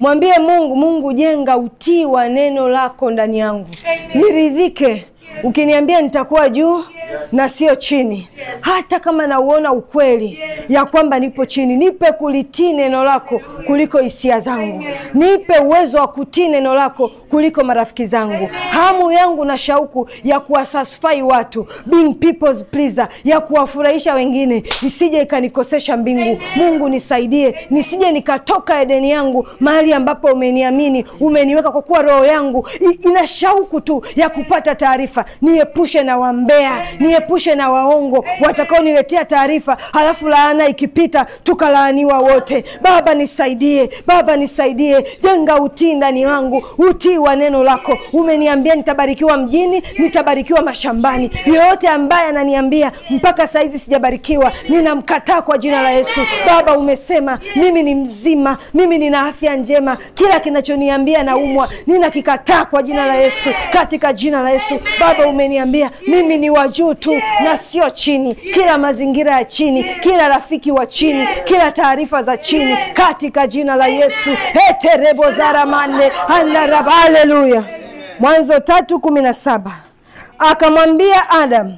Speaker 1: Mwambie Mungu, Mungu, jenga utii wa neno lako ndani yangu, niridhike Ukiniambia nitakuwa juu na sio chini Hata kama nauona ukweli ya kwamba nipo chini, nipe kulitii neno lako kuliko hisia zangu, nipe uwezo wa kutii neno lako kuliko marafiki zangu, hamu yangu na shauku ya kuwasatisfy watu, being people's pleaser, ya kuwafurahisha wengine, isije ikanikosesha mbingu. Mungu nisaidie, nisije nikatoka Edeni yangu, mahali ambapo umeniamini, umeniweka, kwa kuwa roho yangu ina shauku tu ya kupata taarifa taarifa, niepushe na wambea, niepushe na waongo watakaoniletea taarifa, halafu laana ikipita tukalaaniwa wote. Baba nisaidie, Baba nisaidie, jenga utii ndani yangu, utii wa neno lako. Umeniambia nitabarikiwa mjini, nitabarikiwa mashambani. Yoyote ambaye ananiambia mpaka saizi sijabarikiwa, ninamkataa kwa jina la Yesu. Baba umesema mimi ni mzima, mimi nina afya njema, kila kinachoniambia naumwa ninakikataa kwa jina la Yesu, katika jina la Yesu Baba, Baba, umeniambia mimi ni wa juu tu na sio chini. Kila mazingira ya chini, kila rafiki wa chini, kila taarifa za chini, katika jina la Yesu heterebo zaramane andaraba. Haleluya! Mwanzo tatu kumi na saba akamwambia Adam,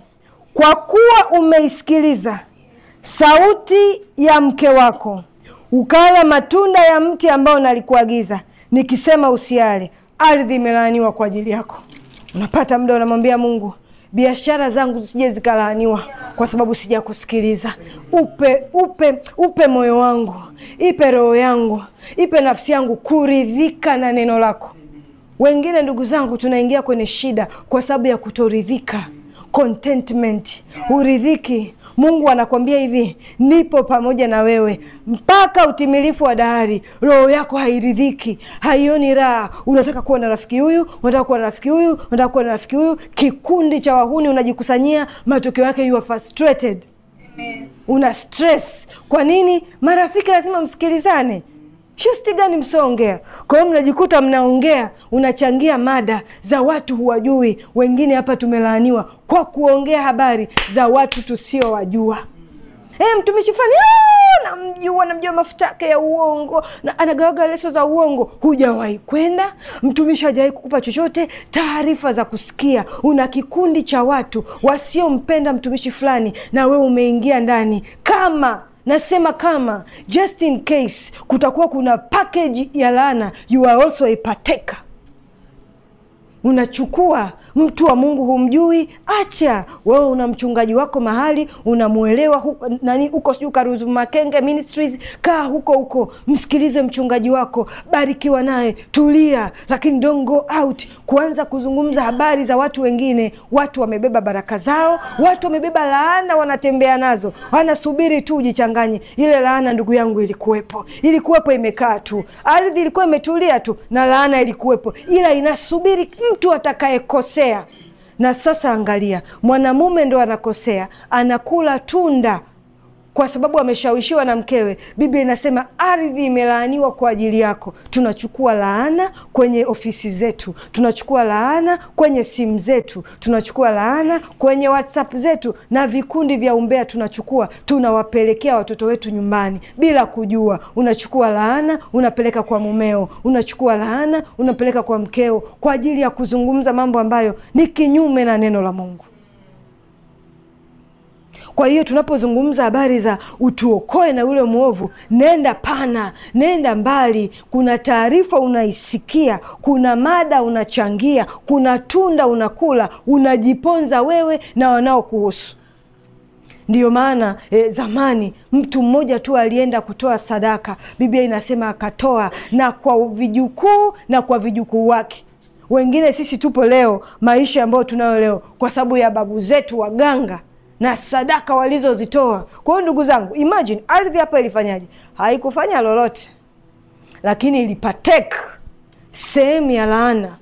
Speaker 1: kwa kuwa umeisikiliza sauti ya mke wako ukala matunda ya mti ambao nalikuagiza nikisema usiale, ardhi imelaaniwa kwa ajili yako. Unapata muda unamwambia Mungu, biashara zangu zisije zikalaaniwa kwa sababu sijakusikiliza. Upe, upe, upe moyo wangu, ipe roho yangu, ipe nafsi yangu kuridhika na neno lako. Wengine ndugu zangu, tunaingia kwenye shida kwa sababu ya kutoridhika, contentment, huridhiki Mungu anakwambia hivi, nipo pamoja na wewe mpaka utimilifu wa dahari. Roho yako hairidhiki, haioni raha. Unataka kuwa na rafiki huyu, unataka kuwa na rafiki huyu, unataka kuwa na rafiki huyu. Kikundi cha wahuni unajikusanyia, matokeo yake you are frustrated, una stress. Kwa nini? Marafiki lazima msikilizane shosti gani msoongea Kwa hiyo mnajikuta mnaongea, unachangia mada za watu huwajui. Wengine hapa tumelaaniwa kwa kuongea habari za watu tusiowajua. E, mtumishi fulani ah, namjua, namjua mafuta yake ya uongo na anagawaga leso za uongo. Hujawahi kwenda, mtumishi hajawahi kukupa chochote, taarifa za kusikia. Una kikundi cha watu wasiompenda mtumishi fulani, na wewe umeingia ndani kama Nasema kama just in case kutakuwa kuna package ya laana, you are also a partaker unachukua mtu wa Mungu humjui, acha wewe. Una mchungaji wako mahali unamuelewa huko, nani huko, sijui Karuzu Makenge Ministries, kaa huko huko, msikilize mchungaji wako, barikiwa naye, tulia, lakini don't go out kuanza kuzungumza habari za watu wengine. Watu wamebeba baraka zao, watu wamebeba laana, wanatembea nazo, wanasubiri tu ujichanganye. Ile laana ndugu yangu ilikuwepo, ilikuwepo, imekaa tu, ardhi ilikuwa imetulia tu, na laana ilikuwepo, ila inasubiri mtu atakayekosea. Na sasa angalia, mwanamume ndo anakosea, anakula tunda kwa sababu ameshawishiwa na mkewe. Biblia inasema ardhi imelaaniwa kwa ajili yako. Tunachukua laana kwenye ofisi zetu, tunachukua laana kwenye simu zetu, tunachukua laana kwenye WhatsApp zetu na vikundi vya umbea, tunachukua tunawapelekea watoto wetu nyumbani bila kujua. Unachukua laana unapeleka kwa mumeo, unachukua laana unapeleka kwa mkeo, kwa ajili ya kuzungumza mambo ambayo ni kinyume na neno la Mungu. Kwa hiyo tunapozungumza habari za utuokoe na yule mwovu, nenda pana, nenda mbali. Kuna taarifa unaisikia, kuna mada unachangia, kuna tunda unakula, unajiponza wewe na wanaokuhusu. Ndiyo maana e, zamani mtu mmoja tu alienda kutoa sadaka. Biblia inasema akatoa na kwa vijukuu na kwa vijukuu wake. Wengine sisi tupo leo maisha ambayo tunayo leo kwa sababu ya babu zetu waganga na sadaka walizozitoa. Kwa hiyo ndugu zangu, imagine ardhi hapa ilifanyaje? Haikufanya lolote, lakini ilipateka sehemu ya laana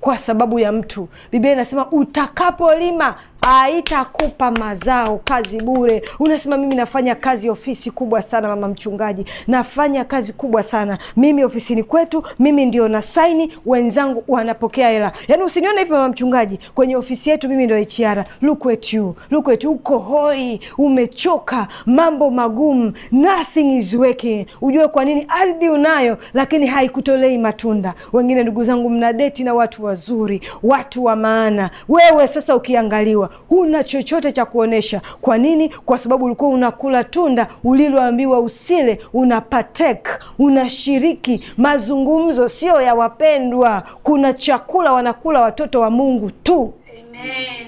Speaker 1: kwa sababu ya mtu. Biblia inasema utakapolima haitakupa mazao kazi bure. Unasema mimi nafanya kazi ofisi kubwa sana, mama mchungaji, nafanya kazi kubwa sana mimi ofisini kwetu, mimi ndio na saini, wenzangu wanapokea hela. yani usinione hivyo mama mchungaji, kwenye ofisi yetu mimi ndio HR. Look at you, look at you, uko hoi, umechoka, mambo magumu, nothing is working. Ujue kwa nini? Ardhi unayo lakini haikutolei matunda. Wengine ndugu zangu, mna deti na watu wazuri, watu wa maana, wewe sasa ukiangaliwa huna chochote cha kuonesha. Kwa nini? Kwa sababu ulikuwa unakula tunda uliloambiwa usile, una partake, unashiriki. Mazungumzo sio ya wapendwa. Kuna chakula wanakula watoto wa Mungu tu. Amen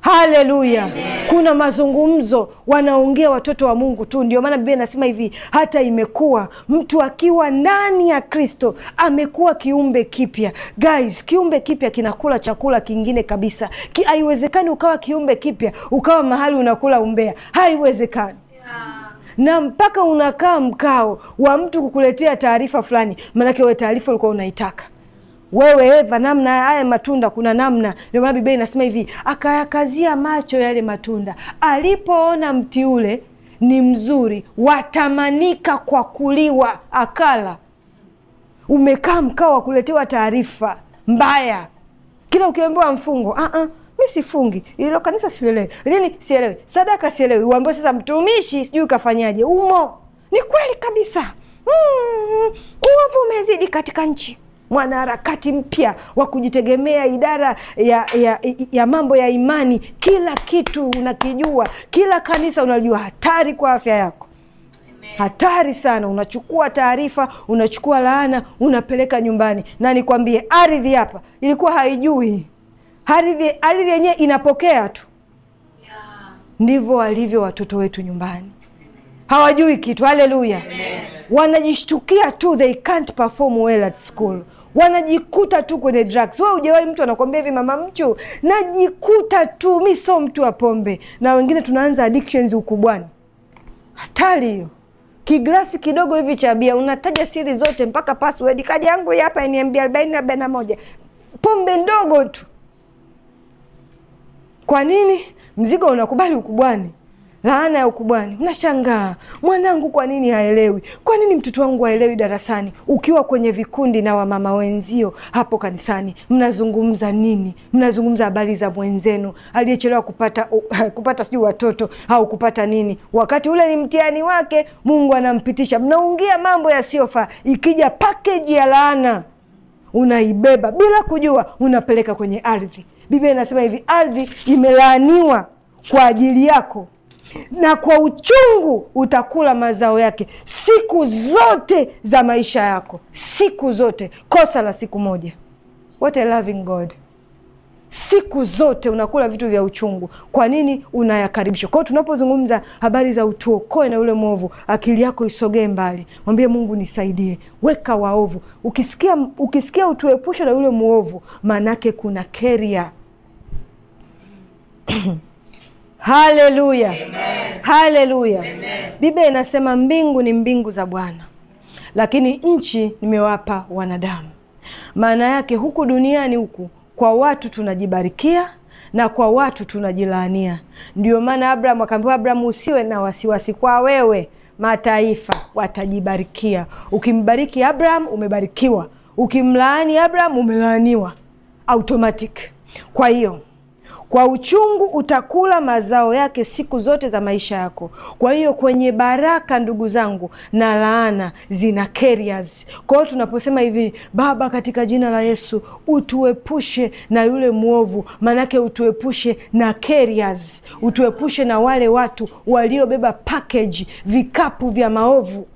Speaker 1: haleluya kuna mazungumzo wanaongea watoto wa mungu tu ndio maana biblia inasema hivi hata imekuwa mtu akiwa ndani ya kristo amekuwa kiumbe kipya guys kiumbe kipya kinakula chakula kingine kabisa haiwezekani ukawa kiumbe kipya ukawa mahali unakula umbea haiwezekani na mpaka unakaa mkao wa mtu kukuletea taarifa fulani maanake we taarifa ulikuwa unaitaka wewe Eva, namna haya matunda kuna namna. Ndio maana Biblia inasema hivi, akayakazia macho yale matunda, alipoona mti ule ni mzuri, watamanika kwa kuliwa, akala. Umekaa mkao wa kuletewa taarifa mbaya, kila ukiambiwa mfungo, ah -uh. mi sifungi, ilo kanisa sielewi, lini sielewi, sadaka sielewi, uambiwe sasa mtumishi sijui ukafanyaje umo ni kweli kabisa. Mm, uovu umezidi katika nchi mwanaharakati mpya wa kujitegemea, idara ya, ya, ya mambo ya imani. Kila kitu unakijua, kila kanisa unajua. Hatari kwa afya yako, hatari sana. Unachukua taarifa, unachukua laana, unapeleka nyumbani. Na nikwambie, ardhi hapa ilikuwa haijui, ardhi yenyewe inapokea tu. Ndivyo walivyo watoto wetu nyumbani, hawajui kitu. Haleluya, wanajishtukia tu, they can't perform well at school wanajikuta tu kwenye drugs. Wewe hujawahi mtu anakwambia hivi, mama mchu, najikuta tu mi so mtu wa pombe, na wengine tunaanza addictions ukubwani. Hatari hiyo. Kiglasi kidogo hivi cha bia unataja siri zote mpaka password. Kadi yangu hapa iniambia arobaini arobaini na moja, pombe ndogo tu. Kwa nini mzigo unakubali ukubwani? laana ya ukubwani. Unashangaa mwanangu, kwa nini haelewi? Kwa nini mtoto wangu haelewi darasani? Ukiwa kwenye vikundi na wamama wenzio hapo kanisani, mnazungumza nini? Mnazungumza habari za mwenzenu aliyechelewa kupata uh, kupata sijui watoto au kupata nini, wakati ule ni mtihani wake, Mungu anampitisha. Mnaongea mambo yasiyofaa. Ikija pakeji ya laana unaibeba bila kujua, unapeleka kwenye ardhi. Biblia inasema hivi, ardhi imelaaniwa kwa ajili yako na kwa uchungu utakula mazao yake siku zote za maisha yako, siku zote, kosa la siku moja. What a loving God! Siku zote unakula vitu vya uchungu. Kwa nini unayakaribisha? kwao tunapozungumza habari za utuokoe na yule mwovu, akili yako isogee mbali, mwambie Mungu nisaidie, weka waovu. Ukisikia, ukisikia utuepushe na yule mwovu, maanake kuna keria Haleluya, haleluya. Biblia inasema mbingu ni mbingu za Bwana, lakini nchi nimewapa wanadamu. Maana yake huku duniani huku kwa watu tunajibarikia na kwa watu tunajilaania. Ndio maana Abrahamu akaambiwa, Abrahamu, usiwe na wasiwasi, kwa wewe mataifa watajibarikia. Ukimbariki Abrahamu umebarikiwa, ukimlaani Abrahamu umelaaniwa automatic. Kwa hiyo kwa uchungu utakula mazao yake siku zote za maisha yako. Kwa hiyo kwenye baraka, ndugu zangu, na laana zina carriers. Kwa hiyo tunaposema hivi, Baba, katika jina la Yesu utuepushe na yule mwovu, maanake utuepushe na carriers, utuepushe na wale watu waliobeba package, vikapu vya maovu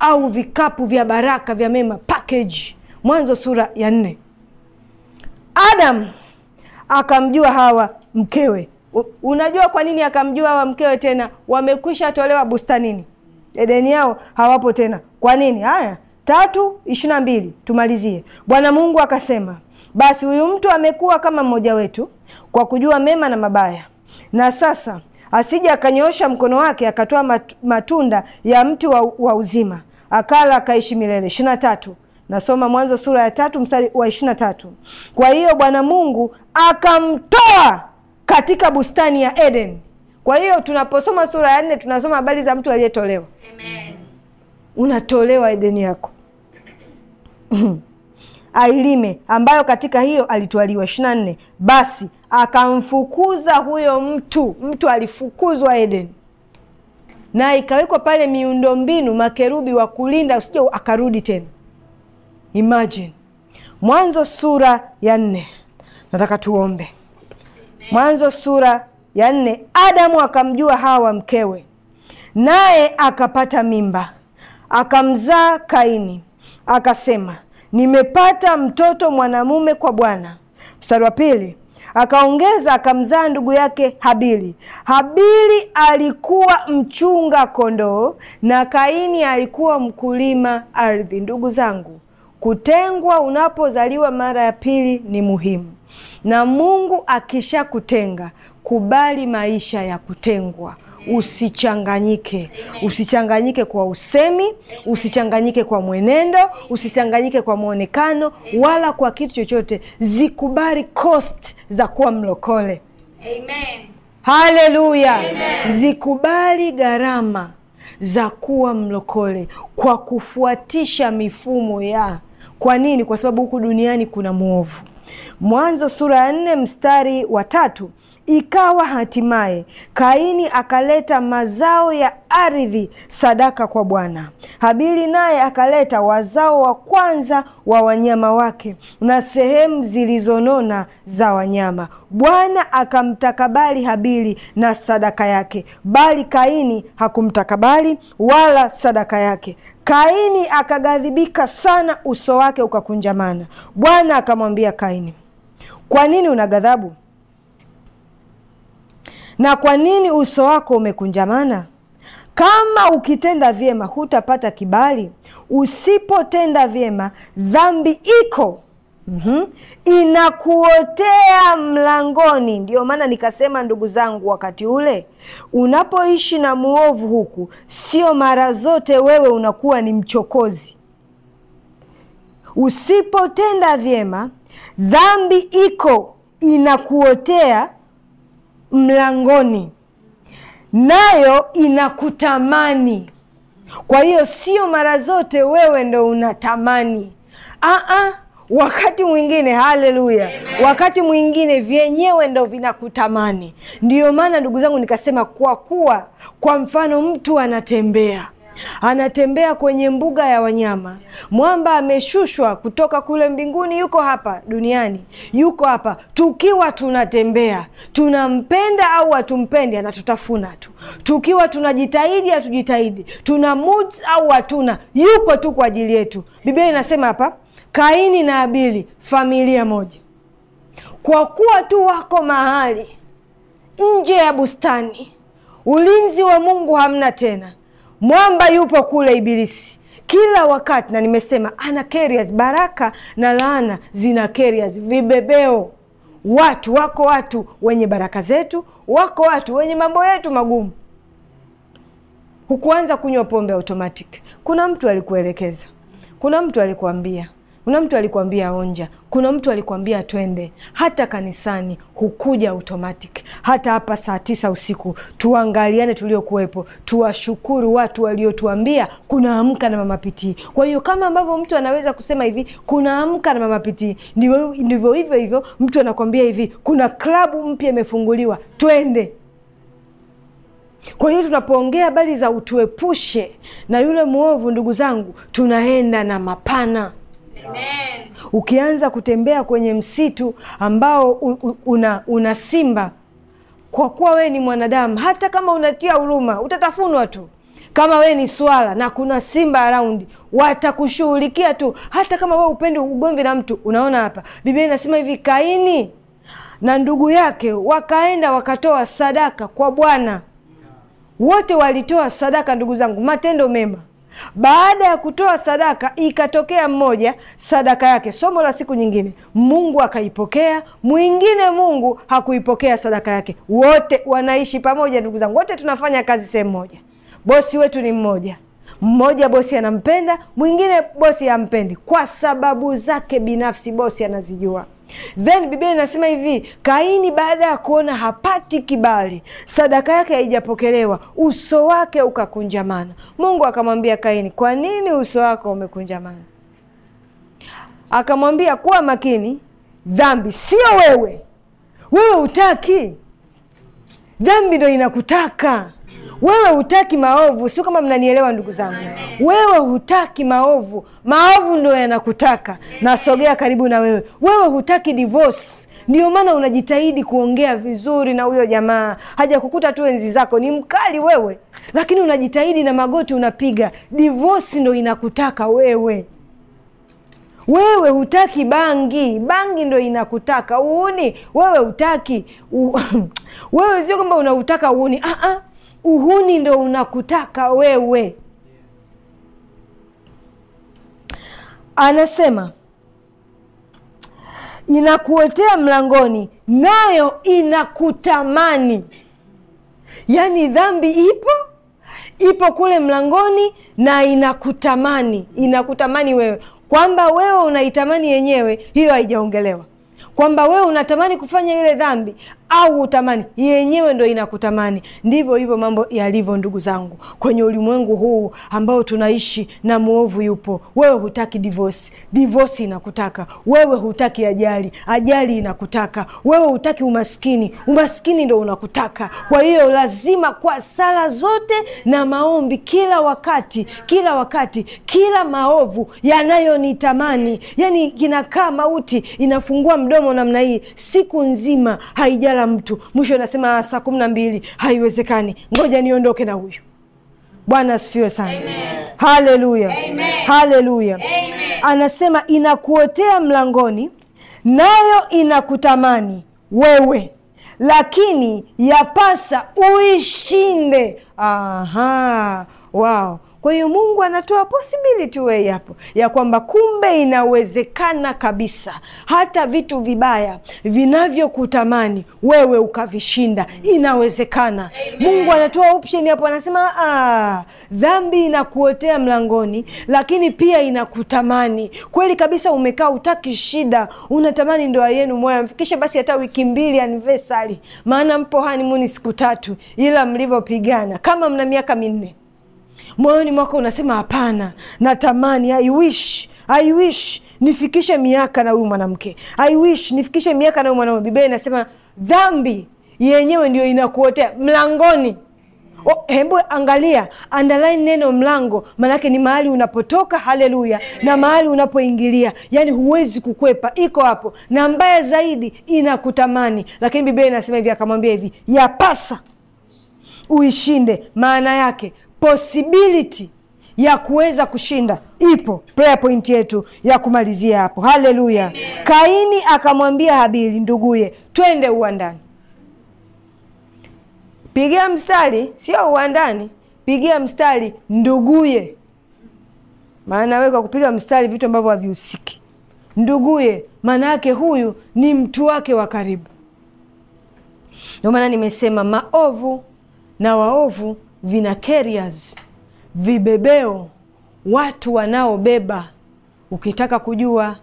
Speaker 1: au vikapu vya baraka vya mema, package. Mwanzo sura ya nne Adam akamjua Hawa mkewe. Unajua kwa nini akamjua Hawa mkewe? Tena wamekwisha tolewa bustanini, Edeni yao hawapo tena. Kwa nini? Haya, tatu ishirini na mbili tumalizie. Bwana Mungu akasema, basi huyu mtu amekuwa kama mmoja wetu kwa kujua mema na mabaya, na sasa asija akanyoosha mkono wake akatoa matunda ya mti wa, wa uzima akala akaishi milele. ishirini na tatu Nasoma Mwanzo sura ya tatu mstari wa ishirini na tatu. Kwa hiyo Bwana Mungu akamtoa katika bustani ya Eden. Kwa hiyo tunaposoma sura ya nne tunasoma habari za mtu aliyetolewa. Amen. Unatolewa Edeni yako ailime, ambayo katika hiyo alitwaliwa. ishirini na nne. Basi akamfukuza huyo mtu, mtu alifukuzwa Eden na ikawekwa pale miundombinu, makerubi wa kulinda usije akarudi tena. Imagine Mwanzo sura ya nne, nataka tuombe. Mwanzo sura ya nne. Adamu akamjua Hawa mkewe, naye akapata mimba, akamzaa Kaini, akasema nimepata mtoto mwanamume kwa Bwana. Mstari wa pili, akaongeza akamzaa ndugu yake Habili. Habili alikuwa mchunga kondoo na Kaini alikuwa mkulima ardhi. Ndugu zangu, Kutengwa unapozaliwa mara ya pili ni muhimu, na Mungu akishakutenga kubali maisha ya kutengwa. Usichanganyike, usichanganyike kwa usemi, usichanganyike kwa mwenendo, usichanganyike kwa mwonekano, wala kwa kitu chochote. Zikubali cost za kuwa mlokole. Haleluya! Zikubali gharama za kuwa mlokole kwa kufuatisha mifumo ya kwa nini? Kwa sababu huku duniani kuna mwovu. Mwanzo sura ya nne mstari wa tatu Ikawa hatimaye Kaini akaleta mazao ya ardhi sadaka kwa Bwana. Habili naye akaleta wazao wa kwanza wa wanyama wake na sehemu zilizonona za wanyama. Bwana akamtakabali Habili na sadaka yake, bali Kaini hakumtakabali wala sadaka yake. Kaini akaghadhibika sana, uso wake ukakunjamana. Bwana akamwambia Kaini, kwa nini una ghadhabu? na kwa nini uso wako umekunjamana? Kama ukitenda vyema hutapata kibali, usipotenda vyema dhambi iko mm -hmm. inakuotea mlangoni. Ndiyo maana nikasema, ndugu zangu, wakati ule unapoishi na muovu huku, sio mara zote wewe unakuwa ni mchokozi. Usipotenda vyema dhambi iko inakuotea mlangoni, nayo inakutamani. Kwa hiyo sio mara zote wewe ndo unatamani. Aa, wakati mwingine haleluya, wakati mwingine vyenyewe ndo vinakutamani. Ndiyo maana ndugu zangu, nikasema kwa kuwa kwa mfano mtu anatembea anatembea kwenye mbuga ya wanyama. Mwamba ameshushwa kutoka kule mbinguni, yuko hapa duniani, yuko hapa tukiwa tunatembea. Tunampenda au hatumpendi, anatutafuna tu. Tukiwa tunajitahidi, hatujitahidi, tuna moods au hatuna, yupo tu kwa ajili yetu. Biblia inasema hapa, Kaini na Abili familia moja, kwa kuwa tu wako mahali nje ya bustani, ulinzi wa Mungu hamna tena mwamba yupo kule Ibilisi kila wakati, na nimesema ana carriers. Baraka na laana zina carriers, vibebeo. Watu wako watu wenye baraka zetu, wako watu wenye mambo yetu magumu. Hukuanza kunywa pombe automatic. Kuna mtu alikuelekeza, kuna mtu alikuambia kuna mtu alikwambia onja, kuna mtu alikwambia twende. Hata kanisani hukuja automatic. Hata hapa saa tisa usiku tuangaliane tuliokuwepo, tuwashukuru watu waliotuambia kunaamka na mama Pitii. Kwa hiyo kama ambavyo mtu anaweza kusema hivi kunaamka na mama Pitii, ndivyo hivyo hivyo mtu anakwambia hivi kuna klabu mpya imefunguliwa, twende. Kwa hiyo tunapoongea habari za utuepushe na yule mwovu, ndugu zangu, tunaenda na mapana. Ukianza kutembea kwenye msitu ambao una, una simba, kwa kuwa wewe ni mwanadamu, hata kama unatia huruma, utatafunwa tu. Kama wewe ni swala na kuna simba araundi, watakushughulikia tu, hata kama wewe upende ugomvi na mtu. Unaona hapa Biblia inasema hivi, Kaini na ndugu yake wakaenda wakatoa sadaka kwa Bwana. Wote walitoa sadaka, ndugu zangu, matendo mema baada ya kutoa sadaka, ikatokea mmoja sadaka yake, somo la siku nyingine, Mungu akaipokea, mwingine Mungu hakuipokea sadaka yake. Wote wanaishi pamoja, ndugu zangu, wote tunafanya kazi sehemu moja, bosi wetu ni mmoja mmoja bosi anampenda mwingine bosi hampendi, kwa sababu zake binafsi bosi anazijua. Then Biblia inasema hivi, Kaini baada ya kuona hapati kibali, sadaka yake haijapokelewa, uso wake ukakunjamana. Mungu akamwambia Kaini, kwa nini uso wako umekunjamana? Akamwambia, kuwa makini, dhambi sio wewe, wewe utaki dhambi ndo inakutaka wewe hutaki maovu, sio kama mnanielewa ndugu zangu. Wewe hutaki maovu, maovu ndo yanakutaka. Nasogea karibu na wewe. Wewe hutaki divorce, ndio maana unajitahidi kuongea vizuri na huyo jamaa. Hajakukuta tu enzi zako, ni mkali wewe, lakini unajitahidi na magoti unapiga. Divorce ndo inakutaka wewe. Wewe hutaki bangi, bangi ndo inakutaka. Uuni wewe hutaki u... wewe sio kwamba unautaka uuni. Ah, ah uhuni ndo unakutaka wewe anasema inakuotea mlangoni nayo inakutamani yaani dhambi ipo ipo kule mlangoni na inakutamani inakutamani wewe kwamba wewe unaitamani yenyewe hiyo haijaongelewa kwamba wewe unatamani kufanya ile dhambi au utamani, yenyewe ndo inakutamani. Ndivyo hivyo mambo yalivyo, ndugu zangu, kwenye ulimwengu huu ambao tunaishi na mwovu yupo. Wewe hutaki divosi, divosi inakutaka wewe. Hutaki ajali, ajali inakutaka wewe. Hutaki umaskini, umaskini ndo unakutaka. Kwa hiyo lazima, kwa sala zote na maombi, kila wakati, kila wakati, kila maovu yanayonitamani, yani kinakaa mauti, inafungua mdomo namna hii siku nzima haijala kila mtu, mwisho nasema ah, saa kumi na mbili haiwezekani, ngoja niondoke na huyu. Bwana asifiwe sana. Haleluya. Haleluya. Anasema inakuotea mlangoni, nayo inakutamani wewe, lakini yapasa uishinde. Aha, wow. Kwa hiyo Mungu anatoa posibiliti way hapo ya kwamba kumbe inawezekana kabisa hata vitu vibaya vinavyokutamani wewe ukavishinda, inawezekana. Amen. Mungu anatoa option hapo, anasema ah, dhambi inakuotea mlangoni, lakini pia inakutamani kweli kabisa. Umekaa utaki shida, unatamani ndoa yenu moya mfikishe basi hata wiki mbili anivesari maana mpo hanimuni siku tatu, ila mlivyopigana kama mna miaka minne moyoni mwako unasema hapana, natamani, I wish I wish nifikishe miaka na huyu mwanamke, I wish nifikishe miaka na huyu mwanaume. Biblia inasema dhambi yenyewe ndio inakuotea mlangoni. Oh, hebu angalia underline neno mlango, maanake ni mahali unapotoka. Haleluya! na mahali unapoingilia, yaani huwezi kukwepa, iko hapo, na mbaya zaidi inakutamani. Lakini Biblia inasema hivi, akamwambia hivi, yapasa uishinde. Maana yake possibility ya kuweza kushinda ipo. Prayer point yetu ya kumalizia hapo, haleluya. Kaini akamwambia Habili nduguye, twende uwandani. Pigia mstari, sio uwandani, pigia mstari nduguye, maana wewe kwa kupiga mstari vitu ambavyo havihusiki. Nduguye maana yake huyu ni mtu wake wa karibu. Ndio maana nimesema maovu na waovu vina carriers, vibebeo, watu wanaobeba. Ukitaka kujua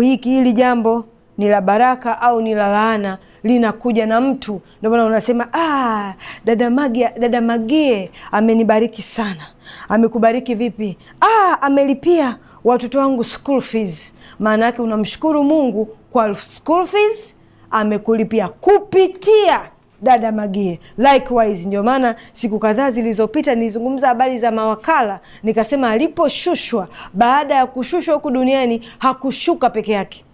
Speaker 1: hiki hili jambo ni la baraka au ni la laana, linakuja na mtu. Ndio maana unasema ah, dada Magia, dada Magie amenibariki sana. Amekubariki vipi? Ah, amelipia watoto wangu school fees. Maana yake unamshukuru Mungu kwa school fees, amekulipia kupitia dada Magie. Likewise, ndio maana siku kadhaa zilizopita nilizungumza habari za mawakala, nikasema aliposhushwa, baada ya kushushwa huku duniani hakushuka peke yake,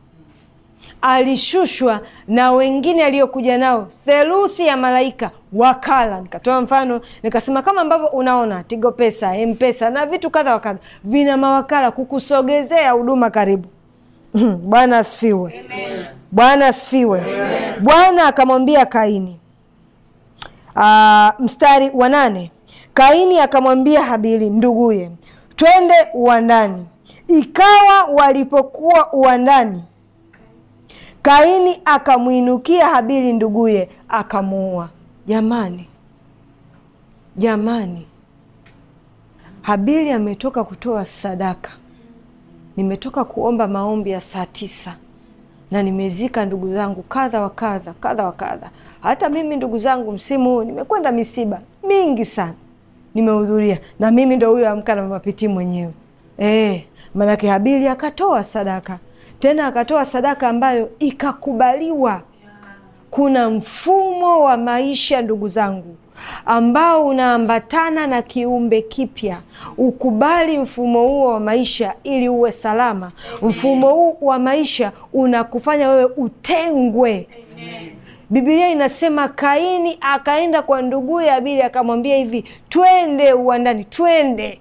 Speaker 1: alishushwa na wengine aliyokuja nao, theluthi ya malaika wakala. Nikatoa mfano nikasema, kama ambavyo unaona Tigo Pesa, Mpesa na vitu kadha wa kadha vina mawakala kukusogezea huduma karibu. Bwana asifiwe, Bwana asifiwe. Bwana akamwambia Kaini uh, mstari wa nane Kaini akamwambia Habili nduguye, twende uwandani. Ikawa walipokuwa uwandani, Kaini akamwinukia Habili nduguye, akamuua. Jamani, jamani, Habili ametoka kutoa sadaka, nimetoka kuomba maombi ya saa tisa na nimezika ndugu zangu kadha wa kadha kadha wa kadha. Hata mimi ndugu zangu, msimu huu nimekwenda misiba mingi sana nimehudhuria, na mimi ndo huyo amka na mapitii mwenyewe e, manake Habili akatoa sadaka tena akatoa sadaka ambayo ikakubaliwa. Kuna mfumo wa maisha ndugu zangu ambao unaambatana na kiumbe kipya. Ukubali mfumo huo wa maisha ili uwe salama. Mfumo huu wa maisha unakufanya wewe utengwe. bibilia Biblia inasema Kaini akaenda kwa nduguye Abili akamwambia hivi, twende uwandani, twende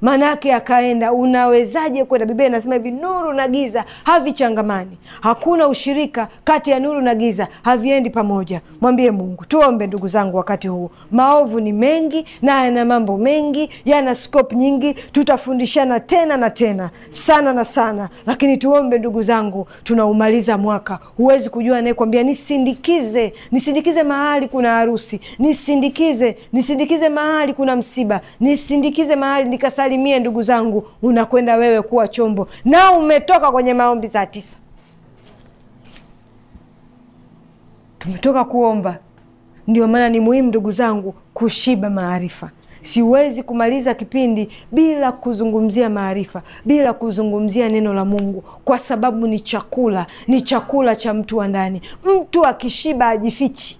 Speaker 1: Manake akaenda, unawezaje kwenda? Biblia inasema hivi, nuru na giza havichangamani, hakuna ushirika kati ya nuru na giza, haviendi pamoja. Mwambie Mungu. Tuombe ndugu zangu, wakati huu maovu ni mengi na yana mambo mengi, yana scope nyingi, tutafundishana tena na tena sana na sana, lakini tuombe ndugu zangu, tunaumaliza mwaka. Huwezi kujua anayekwambia nisindikize, nisindikize mahali kuna harusi, nisindikize, nisindikize mahali kuna msiba, nisindikize mahali nikasali usisalimie ndugu zangu, unakwenda wewe kuwa chombo, na umetoka kwenye maombi saa tisa. Tumetoka kuomba. Ndio maana ni muhimu ndugu zangu kushiba maarifa. Siwezi kumaliza kipindi bila kuzungumzia maarifa, bila kuzungumzia neno la Mungu, kwa sababu ni chakula, ni chakula cha mtu wa ndani. Mtu akishiba ajifichi.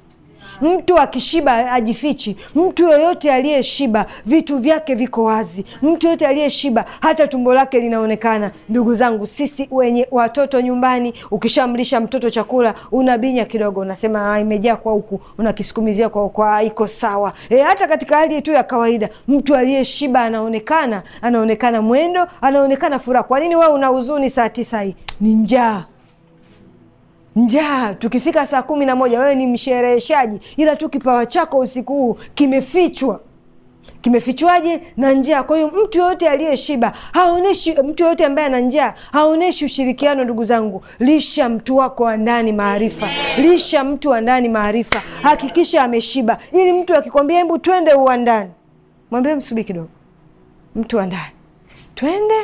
Speaker 1: Mtu akishiba ajifichi. Mtu yoyote aliyeshiba vitu vyake viko wazi. Mtu yoyote aliyeshiba hata tumbo lake linaonekana. Ndugu zangu, sisi wenye watoto nyumbani, ukishamlisha mtoto chakula unabinya kidogo, unasema ah, imejaa kwa huku, unakisukumizia kwa kwa, ah, iko sawa e. Hata katika hali tu ya kawaida, mtu aliyeshiba anaonekana, anaonekana mwendo, anaonekana furaha. Kwa nini wewe una huzuni saa tisa hii? Ni njaa njaa. Tukifika saa kumi na moja wewe ni mshereheshaji, ila tu kipawa chako usiku huu kimefichwa kimefichwaje? Na njaa. Kwa hiyo mtu yoyote aliyeshiba haoneshi, mtu yoyote ambaye ana njaa haoneshi ushirikiano. Ndugu zangu, lisha mtu wako wa ndani maarifa, lisha mtu wa ndani maarifa. Hakikisha ameshiba, ili mtu akikwambia hebu twende uwandani, mwambie msubi kidogo, mtu wa ndani, twende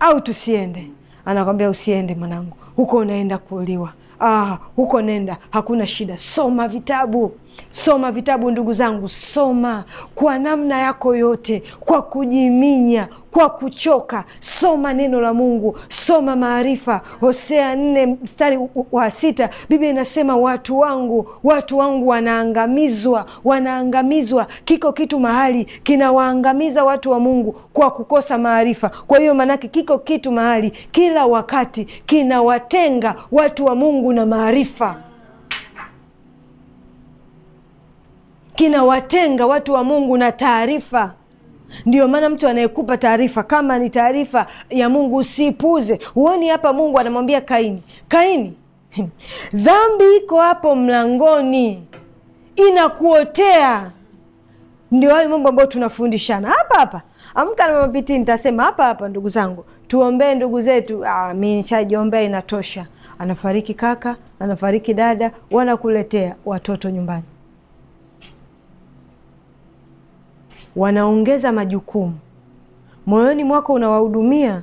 Speaker 1: au tusiende? Anakwambia usiende mwanangu, huko unaenda kuuliwa ah, huko nenda, hakuna shida, soma vitabu Soma vitabu ndugu zangu, soma kwa namna yako yote, kwa kujiminya, kwa kuchoka. Soma neno la Mungu, soma maarifa. Hosea nne mstari wa sita Biblia inasema watu wangu, watu wangu wanaangamizwa, wanaangamizwa. Kiko kitu mahali kinawaangamiza watu wa Mungu kwa kukosa maarifa. Kwa hiyo maanake kiko kitu mahali kila wakati kinawatenga watu wa Mungu na maarifa. kinawatenga watu wa Mungu na taarifa. Ndio maana mtu anayekupa taarifa, kama ni taarifa ya Mungu, usipuze. Huoni hapa Mungu anamwambia Kaini, Kaini, dhambi iko hapo mlangoni, inakuotea. Ndio hayo mambo ambayo tunafundishana hapa hapa Amka na mapiti, nitasema hapa hapa, ndugu zangu, tuombee ndugu zetu. Ah, mi nishajiombea inatosha. Anafariki kaka, anafariki dada, wanakuletea watoto nyumbani. wanaongeza majukumu moyoni mwako, unawahudumia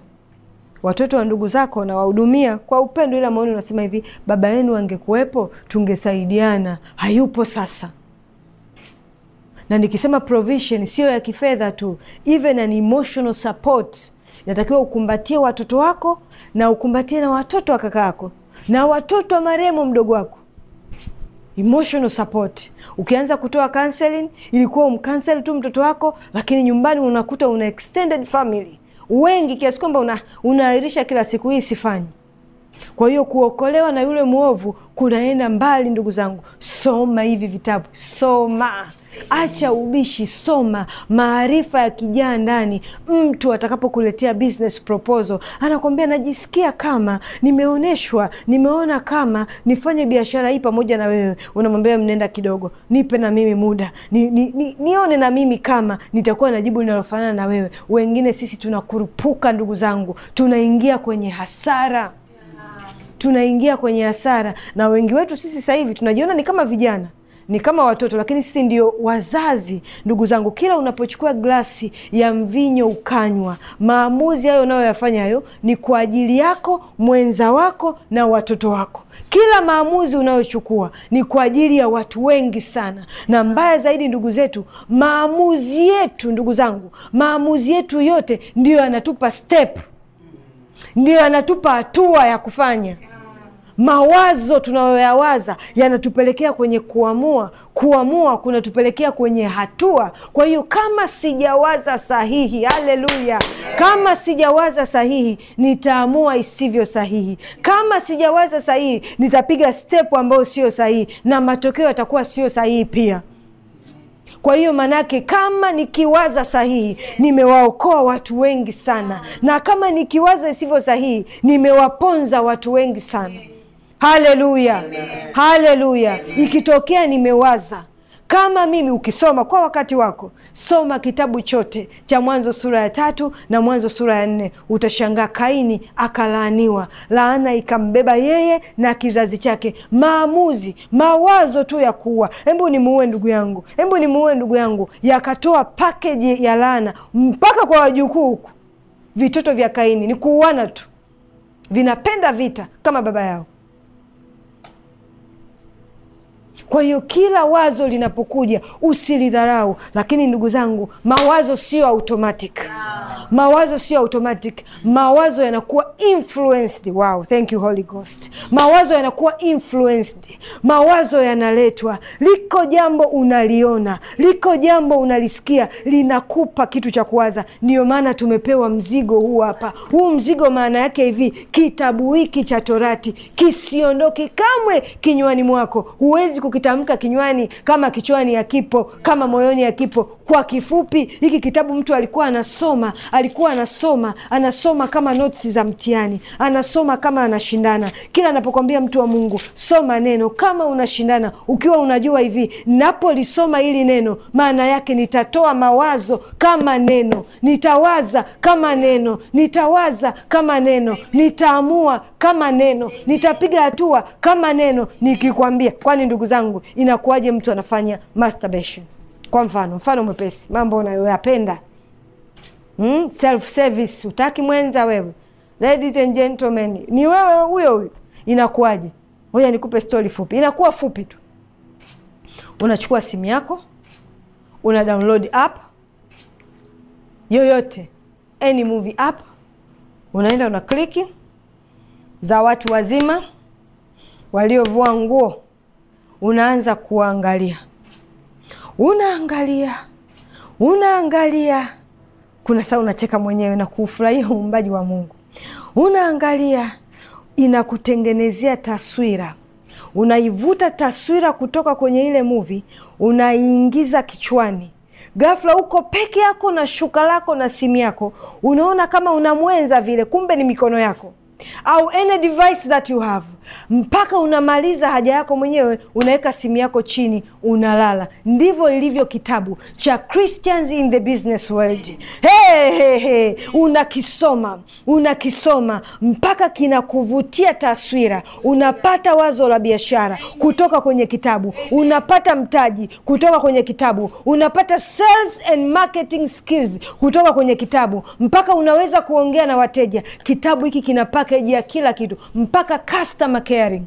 Speaker 1: watoto wa ndugu zako, unawahudumia kwa upendo, ila moyoni unasema hivi, baba yenu angekuwepo tungesaidiana, hayupo sasa. Na nikisema provision siyo ya kifedha tu, even an emotional support inatakiwa ukumbatie watoto wako na ukumbatie na watoto wa kaka yako na watoto wa marehemu mdogo wako emotional support. Ukianza kutoa counseling, ilikuwa umkansel tu mtoto wako, lakini nyumbani unakuta una extended family wengi kiasi kwamba una, unaahirisha kila siku, hii sifanyi. Kwa hiyo kuokolewa na yule mwovu kunaenda mbali, ndugu zangu. Soma hivi vitabu, soma Acha ubishi, soma maarifa ya kijaa ndani. Mtu atakapokuletea business proposal anakwambia, najisikia kama nimeoneshwa nimeona kama nifanye biashara hii pamoja na wewe. Unamwambia, mnenda kidogo, nipe na mimi muda ni, ni, ni, nione na mimi kama nitakuwa na jibu linalofanana na wewe. Wengine sisi tunakurupuka, ndugu zangu, tunaingia kwenye hasara tunaingia kwenye hasara, na wengi wetu sisi sasa hivi tunajiona ni kama vijana ni kama watoto, lakini sisi ndio wazazi. Ndugu zangu, kila unapochukua glasi ya mvinyo ukanywa, maamuzi hayo unayoyafanya hayo ni kwa ajili yako, mwenza wako na watoto wako. Kila maamuzi unayochukua ni kwa ajili ya watu wengi sana, na mbaya zaidi, ndugu zetu, maamuzi yetu, ndugu zangu, maamuzi yetu yote ndiyo yanatupa step, ndiyo yanatupa hatua ya kufanya mawazo tunayoyawaza yanatupelekea kwenye kuamua, kuamua kunatupelekea kwenye hatua. Kwa hiyo kama sijawaza sahihi, haleluya, kama sijawaza sahihi nitaamua isivyo sahihi, kama sijawaza sahihi nitapiga step ambayo sio sahihi, na matokeo yatakuwa sio sahihi pia. Kwa hiyo manake, kama nikiwaza sahihi nimewaokoa watu wengi sana, na kama nikiwaza isivyo sahihi nimewaponza watu wengi sana. Haleluya, haleluya. Ikitokea nimewaza kama mimi, ukisoma kwa wakati wako, soma kitabu chote cha Mwanzo sura ya tatu na Mwanzo sura ya nne, utashangaa Kaini akalaaniwa, laana ikambeba yeye na kizazi chake. Maamuzi, mawazo tu ya kuua, hebu nimuue ndugu yangu, hebu nimuue ndugu yangu, yakatoa pakeji ya laana mpaka kwa wajukuu huku. Vitoto vya Kaini ni kuuana tu, vinapenda vita kama baba yao. Kwa hiyo kila wazo linapokuja usilidharau. Lakini ndugu zangu, mawazo sio automatic, mawazo sio automatic. Mawazo yanakuwa influenced. Wow, thank you Holy Ghost. Mawazo yanakuwa influenced, mawazo yanaletwa. Liko jambo unaliona, liko jambo unalisikia, linakupa kitu cha kuwaza. ndio maana tumepewa mzigo huu hapa. Huu mzigo maana yake hivi, kitabu hiki cha Torati kisiondoke kamwe kinywani mwako, huwezi ukitamka kinywani kama kichwani hakipo, kama moyoni hakipo, kwa kifupi, hiki kitabu mtu alikuwa anasoma, alikuwa anasoma, anasoma kama notsi za mtihani, anasoma kama anashindana. Kila anapokwambia mtu wa Mungu, soma neno kama unashindana, ukiwa unajua hivi, napolisoma hili neno, maana yake nitatoa mawazo kama neno, nitawaza kama neno, nitawaza kama neno, nitaamua kama neno, nitapiga hatua kama neno, nikikwambia. Kwani ndugu zangu, inakuwaje mtu anafanya masturbation? Kwa mfano, mfano mwepesi, mambo unayoyapenda mm? self service, utaki mwenza wewe. Ladies and gentlemen, ni wewe huyo huyo. Inakuwaje? Ngoja nikupe stori fupi, inakuwa fupi tu. Unachukua simu yako, una download app yoyote, any movie app, unaenda una kliki za watu wazima waliovua nguo, unaanza kuangalia unaangalia unaangalia, kuna saa unacheka mwenyewe na kuufurahia uumbaji wa Mungu, unaangalia, inakutengenezea taswira unaivuta taswira kutoka kwenye ile muvi, unaiingiza kichwani. Ghafla uko peke yako na shuka lako na simu yako, unaona kama unamwenza vile, kumbe ni mikono yako au any device that you have, mpaka unamaliza haja yako mwenyewe, unaweka simu yako chini, unalala. Ndivyo ilivyo kitabu cha Christians in the Business World. Hey, hey, hey. Unakisoma, unakisoma mpaka kinakuvutia taswira. Unapata wazo la biashara kutoka kwenye kitabu, unapata mtaji kutoka kwenye kitabu, unapata sales and marketing skills kutoka kwenye kitabu, mpaka unaweza kuongea na wateja. Kitabu hiki kinapa pakeji ya kila kitu mpaka customer caring.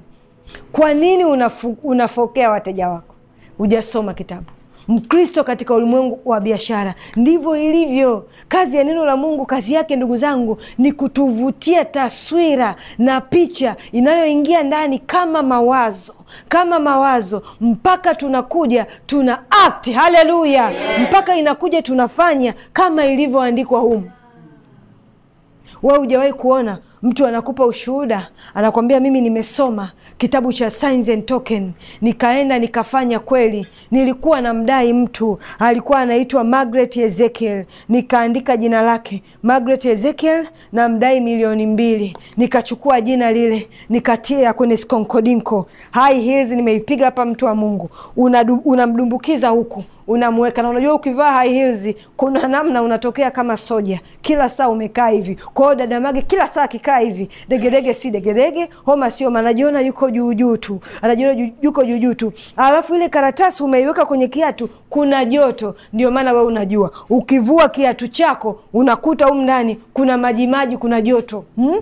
Speaker 1: Kwa nini unafu, unafokea wateja wako? Hujasoma kitabu. Mkristo katika ulimwengu wa biashara ndivyo ilivyo. Kazi ya neno la Mungu, kazi yake ndugu zangu, ni kutuvutia taswira na picha inayoingia ndani kama mawazo, kama mawazo, mpaka tunakuja tuna act. Haleluya! Mpaka inakuja tunafanya kama ilivyoandikwa humu we hujawahi kuona mtu anakupa ushuhuda, anakwambia mimi nimesoma kitabu cha Signs and Token, nikaenda nikafanya kweli. Nilikuwa namdai mtu alikuwa anaitwa Margaret Ezekiel, nikaandika jina lake Margaret Ezekiel, namdai milioni mbili. Nikachukua jina lile nikatia kwenye skonkodinko hai, hizi nimeipiga hapa. Mtu wa Mungu unamdumbukiza huku unamweka, na unajua ukivaa high heels kuna namna unatokea kama soja, kila saa umekaa hivi. Kwa hiyo dada Mage kila saa akikaa hivi, degedege si degedege, homa sio, anajiona yuko juu juu tu, anajiona yuko juu juu tu, alafu ile karatasi umeiweka kwenye kiatu, kuna joto. Ndio maana wewe unajua ukivua kiatu chako unakuta huko ndani kuna majimaji, kuna joto hmm?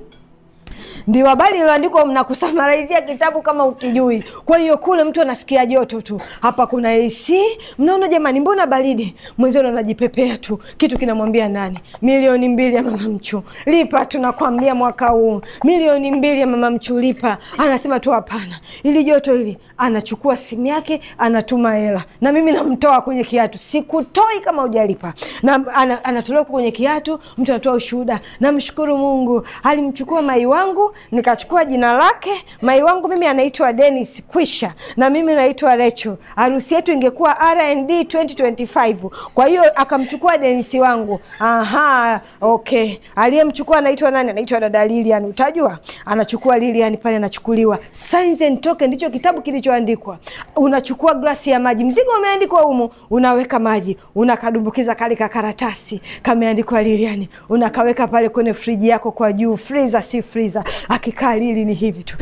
Speaker 1: ndio habari iliyoandikwa na kusamarizia kitabu kama ukijui. Kwa hiyo kule mtu anasikia joto tu, hapa kuna AC. Mnaona jamani, mbona baridi? Mwenzenu anajipepea tu, kitu kinamwambia nani, milioni mbili ya mama mchu lipa, tunakwambia mwaka huu milioni mbili ya mama mchu lipa. Anasema tu hapana, ili joto hili. Anachukua simu yake anatuma hela, na mimi namtoa kwenye kiatu, sikutoi kama hujalipa, na anatolewa kwenye kiatu, mtu anatoa ushuhuda, namshukuru Mungu alimchukua mai wangu nikachukua jina lake. Mai wangu mimi anaitwa Dennis Kwisha na mimi naitwa Rachel. Harusi yetu ingekuwa R&D 2025. Kwa hiyo akamchukua Dennis wangu. Aha, okay. Aliyemchukua anaitwa nani? Anaitwa dada Lilian. Utajua anachukua Lilian pale, anachukuliwa Signs and Token, ndicho kitabu kilichoandikwa. Unachukua glasi ya maji, mzigo umeandikwa humo, unaweka maji, unakadumbukiza kale ka karatasi kameandikwa Lilian, unakaweka pale kwenye friji yako kwa juu, freezer si freezer akikaa lili ni hivi tu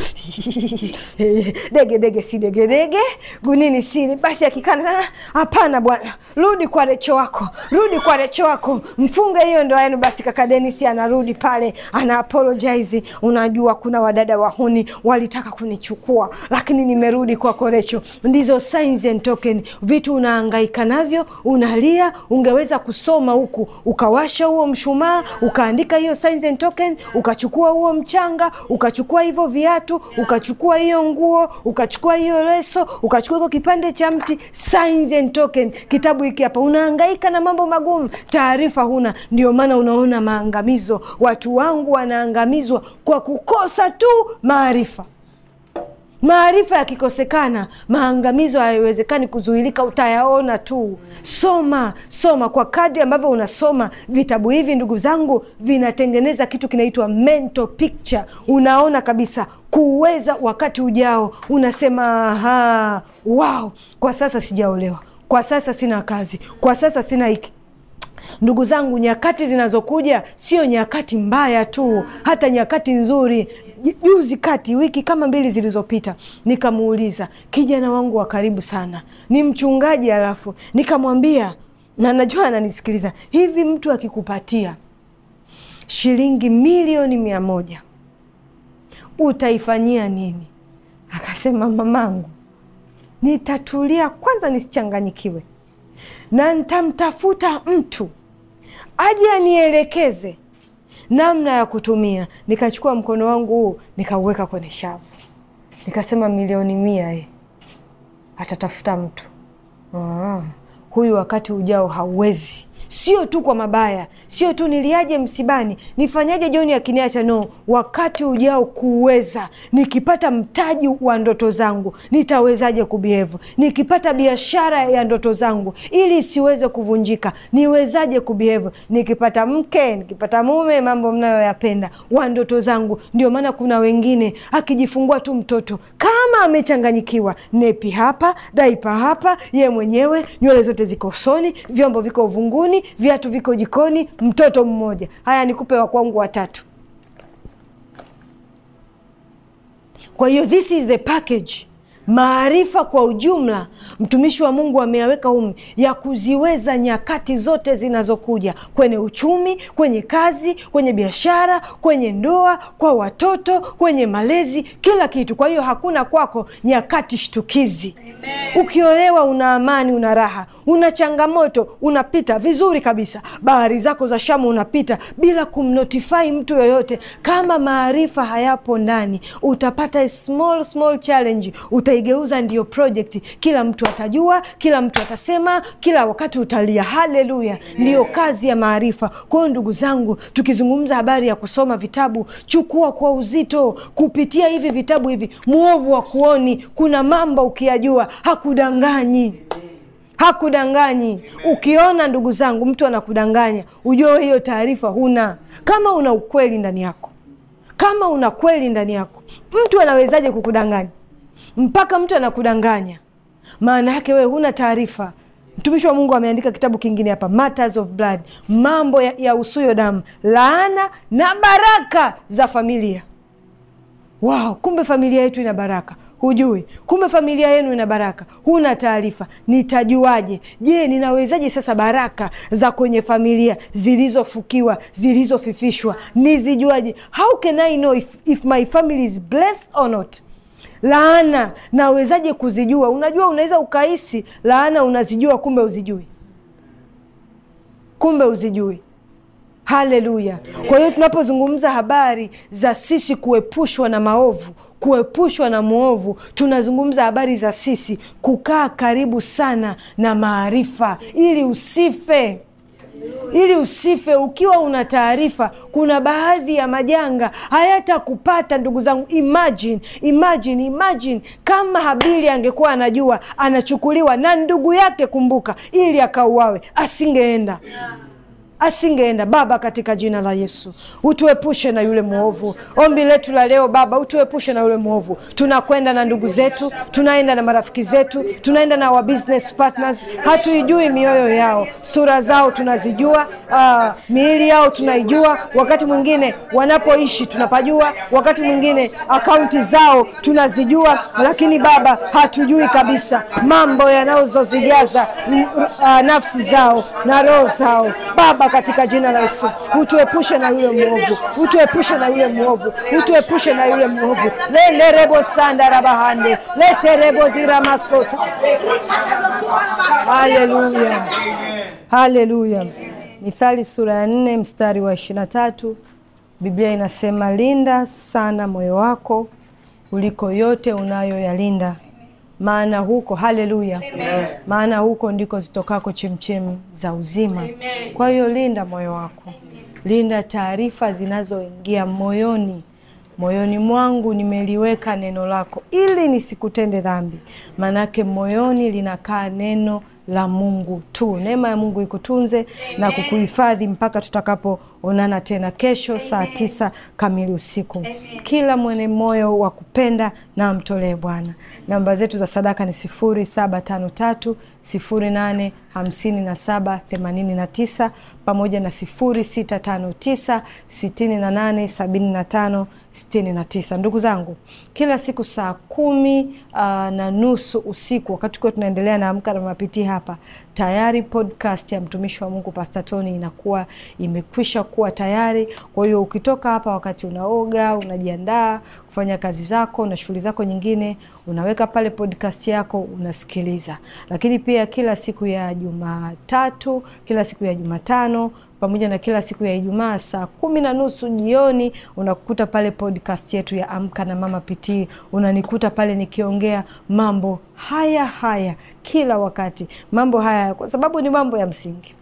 Speaker 1: dege dege si dege dege, gunini sili basi. Akikana hapana, bwana, rudi kwa Recho wako, rudi kwa Recho wako, mfunge hiyo ndoa yenu. Basi kaka Denisi anarudi pale, ana apologize, unajua kuna wadada wahuni walitaka kunichukua, lakini nimerudi kwako Recho. Ndizo signs and token, vitu unahangaika navyo, unalia. Ungeweza kusoma huku ukawasha huo mshumaa ukaandika hiyo signs and token, ukachukua huo mchanga mkanga, ukachukua hivyo viatu, ukachukua hiyo nguo, ukachukua hiyo leso, ukachukua hiyo kipande cha mti, signs and token, kitabu hiki hapa. Unahangaika na mambo magumu, taarifa huna. Ndio maana unaona maangamizo, watu wangu wanaangamizwa kwa kukosa tu maarifa. Maarifa yakikosekana, maangamizo hayawezekani kuzuilika, utayaona tu. Soma, soma. Kwa kadri ambavyo unasoma vitabu hivi, ndugu zangu, vinatengeneza kitu kinaitwa mental picture. Unaona kabisa kuweza wakati ujao, unasema aha, wow, kwa sasa sijaolewa, kwa sasa sina kazi, kwa sasa sina iki. Ndugu zangu, nyakati zinazokuja sio nyakati mbaya tu, hata nyakati nzuri juzi kati, wiki kama mbili zilizopita, nikamuuliza kijana wangu wa karibu sana, ni mchungaji, alafu nikamwambia, na najua ananisikiliza, hivi mtu akikupatia shilingi milioni mia moja utaifanyia nini? Akasema, mamangu, nitatulia kwanza, nisichanganyikiwe, na ntamtafuta mtu aje anielekeze namna ya kutumia. Nikachukua mkono wangu huu nikauweka kwenye shavu, nikasema milioni mia hii atatafuta mtu. Aa, ah, huyu wakati ujao hauwezi sio tu kwa mabaya, sio tu niliaje msibani, nifanyaje Joni akiniacha. No, wakati ujao kuweza, nikipata mtaji wa ndoto zangu nitawezaje kubihevu, nikipata biashara ya ndoto zangu ili isiweze kuvunjika niwezaje kubihevu, nikipata mke, nikipata mume, mambo mnayoyapenda wa ndoto zangu. Ndio maana kuna wengine akijifungua tu mtoto kama amechanganyikiwa, nepi hapa, daipa hapa, ye mwenyewe nywele zote ziko soni, vyombo viko uvunguni jikoni, viatu viko jikoni, mtoto mmoja. Haya, nikupe wa kwangu watatu. Kwa hiyo this is the package maarifa kwa ujumla mtumishi wa Mungu ameyaweka umi ya kuziweza nyakati zote zinazokuja kwenye uchumi, kwenye kazi, kwenye biashara, kwenye ndoa, kwa watoto, kwenye malezi, kila kitu. Kwa hiyo hakuna kwako nyakati shtukizi. Amen. Ukiolewa una amani, una raha, una changamoto, unapita vizuri kabisa. Bahari zako za Shamu unapita bila kumnotify mtu yoyote. Kama maarifa hayapo ndani, utapata small small challenge uta utaigeuza ndiyo project, kila mtu atajua, kila mtu atasema, kila wakati utalia haleluya. Ndiyo kazi ya maarifa. Kwa hiyo ndugu zangu, tukizungumza habari ya kusoma vitabu, chukua kwa uzito. Kupitia hivi vitabu hivi, mwovu wa kuoni, kuna mambo ukiyajua hakudanganyi hakudanganyi. Ukiona ndugu zangu, mtu anakudanganya, ujue hiyo taarifa huna. Kama una ukweli ndani yako, kama una kweli ndani yako, mtu anawezaje kukudanganya? mpaka mtu anakudanganya, maana yake wewe huna taarifa. Mtumishi wa Mungu ameandika kitabu kingine hapa, Matters of Blood, mambo ya, ya usuyo damu, laana na baraka za familia. wao kumbe familia yetu ina baraka, hujui. Kumbe familia yenu ina baraka, huna taarifa. Nitajuaje? Je, ninawezaje sasa baraka za kwenye familia zilizofukiwa, zilizofifishwa, nizijuaje? How can I know if, if my family is blessed or not? laana nawezaje kuzijua? Unajua, unaweza ukahisi laana unazijua, kumbe uzijui, kumbe uzijui. Haleluya! Kwa hiyo tunapozungumza habari za sisi kuepushwa na maovu, kuepushwa na mwovu, tunazungumza habari za sisi kukaa karibu sana na maarifa ili usife ili usife ukiwa una taarifa. Kuna baadhi ya majanga hayatakupata ndugu zangu. Imagine, imagine, imagine kama Habili angekuwa anajua anachukuliwa na ndugu yake, kumbuka, ili akauawe, asingeenda yeah asingeenda Baba, katika jina la Yesu utuepushe na yule mwovu. Ombi letu la leo Baba, utuepushe na yule mwovu. Tunakwenda na ndugu zetu, tunaenda na marafiki zetu, tunaenda na wa business partners, hatuijui mioyo yao, sura zao tunazijua, uh, miili yao tunaijua, wakati mwingine wanapoishi tunapajua, wakati mwingine akaunti zao tunazijua, lakini Baba hatujui kabisa mambo yanayozozijaza uh, mm, ah, nafsi zao na roho zao Baba katika jina la Yesu, utuepushe na yule mwovu, utuepushe na yule mwovu, utuepushe na yule mwovu. lenderebo sandarabahande leterebo masota. Haleluya, haleluya. Mithali sura ya nne mstari wa ishirini na tatu Biblia inasema linda sana moyo wako kuliko yote unayoyalinda maana huko haleluya, maana huko ndiko zitokako chemchemi za uzima. Kwa hiyo linda moyo wako. Amen. Linda taarifa zinazoingia moyoni. Moyoni mwangu nimeliweka neno lako ili nisikutende dhambi, maanake moyoni linakaa neno la Mungu tu. Neema ya Mungu ikutunze na kukuhifadhi mpaka tutakapoonana tena kesho saa tisa kamili usiku Amen. Kila mwenye moyo wa kupenda na amtolee Bwana. Namba zetu za sadaka ni sifuri saba tano tatu 085789 pamoja na 0659687569. Ndugu zangu, kila siku saa kumi uh, na nusu usiku, wakati kuwa tunaendelea na Amka na Mapiti hapa, tayari podcast ya mtumishi wa Mungu Pasta Tony inakuwa imekwisha kuwa tayari. Kwa hiyo ukitoka hapa, wakati unaoga, unajiandaa kufanya kazi zako na shughuli zako nyingine, unaweka pale podcast yako unasikiliza. Lakini pia kila siku ya Jumatatu, kila siku ya Jumatano pamoja na kila siku ya Ijumaa saa kumi na nusu jioni unakuta pale podcast yetu ya Amka na Mama pt Unanikuta pale nikiongea mambo haya haya kila wakati, mambo haya kwa sababu ni mambo ya msingi.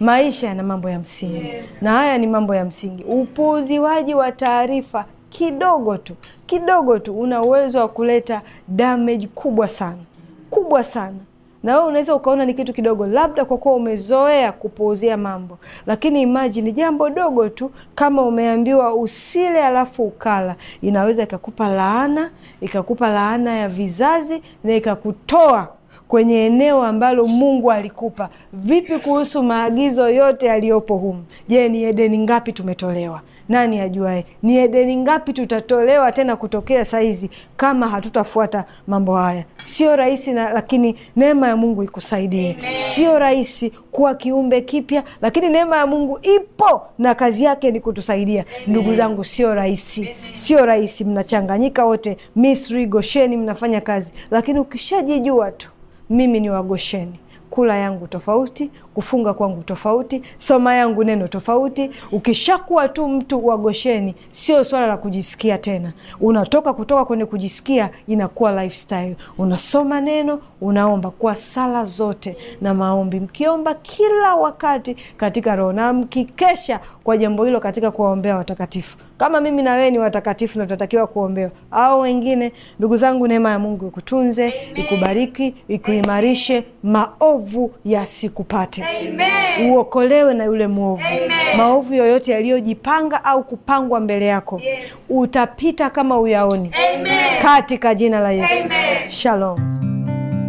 Speaker 1: Maisha yana mambo ya msingi, yes. Na haya ni mambo ya msingi. Upuuziwaji wa taarifa kidogo tu kidogo tu, una uwezo wa kuleta damage kubwa sana kubwa sana na wewe unaweza ukaona ni kitu kidogo, labda kwa kuwa umezoea kupuuzia mambo, lakini imagine jambo dogo tu, kama umeambiwa usile alafu ukala, inaweza ikakupa laana, ikakupa laana ya vizazi na ikakutoa kwenye eneo ambalo Mungu alikupa. Vipi kuhusu maagizo yote yaliyopo humu? Je, ni Edeni ngapi tumetolewa? Nani ajuae ni Edeni ngapi tutatolewa tena kutokea saizi kama hatutafuata mambo haya? Sio rahisi na, lakini neema ya Mungu ikusaidie. Sio rahisi kuwa kiumbe kipya, lakini neema ya Mungu ipo na kazi yake ni kutusaidia. Ndugu zangu, sio rahisi, sio rahisi. Mnachanganyika wote, Misri, Gosheni, mnafanya kazi, lakini ukishajijua tu mimi ni Wagosheni, kula yangu tofauti, kufunga kwangu tofauti, soma yangu neno tofauti. Ukishakuwa tu mtu wa Gosheni, sio swala la kujisikia tena, unatoka kutoka kwenye kujisikia, inakuwa lifestyle. Unasoma neno, unaomba kwa sala zote na maombi, mkiomba kila wakati katika roho na mkikesha kwa jambo hilo katika kuwaombea watakatifu. Kama mimi na wewe ni watakatifu na tunatakiwa kuombewa, au wengine. Ndugu zangu, neema ya Mungu ikutunze, Ikubariki, ikuimarishe, maovu yasikupate, Uokolewe na yule mwovu, Maovu yoyote yaliyojipanga au kupangwa mbele yako, yes. Utapita kama uyaoni, Katika jina la Yesu, Amen. Shalom.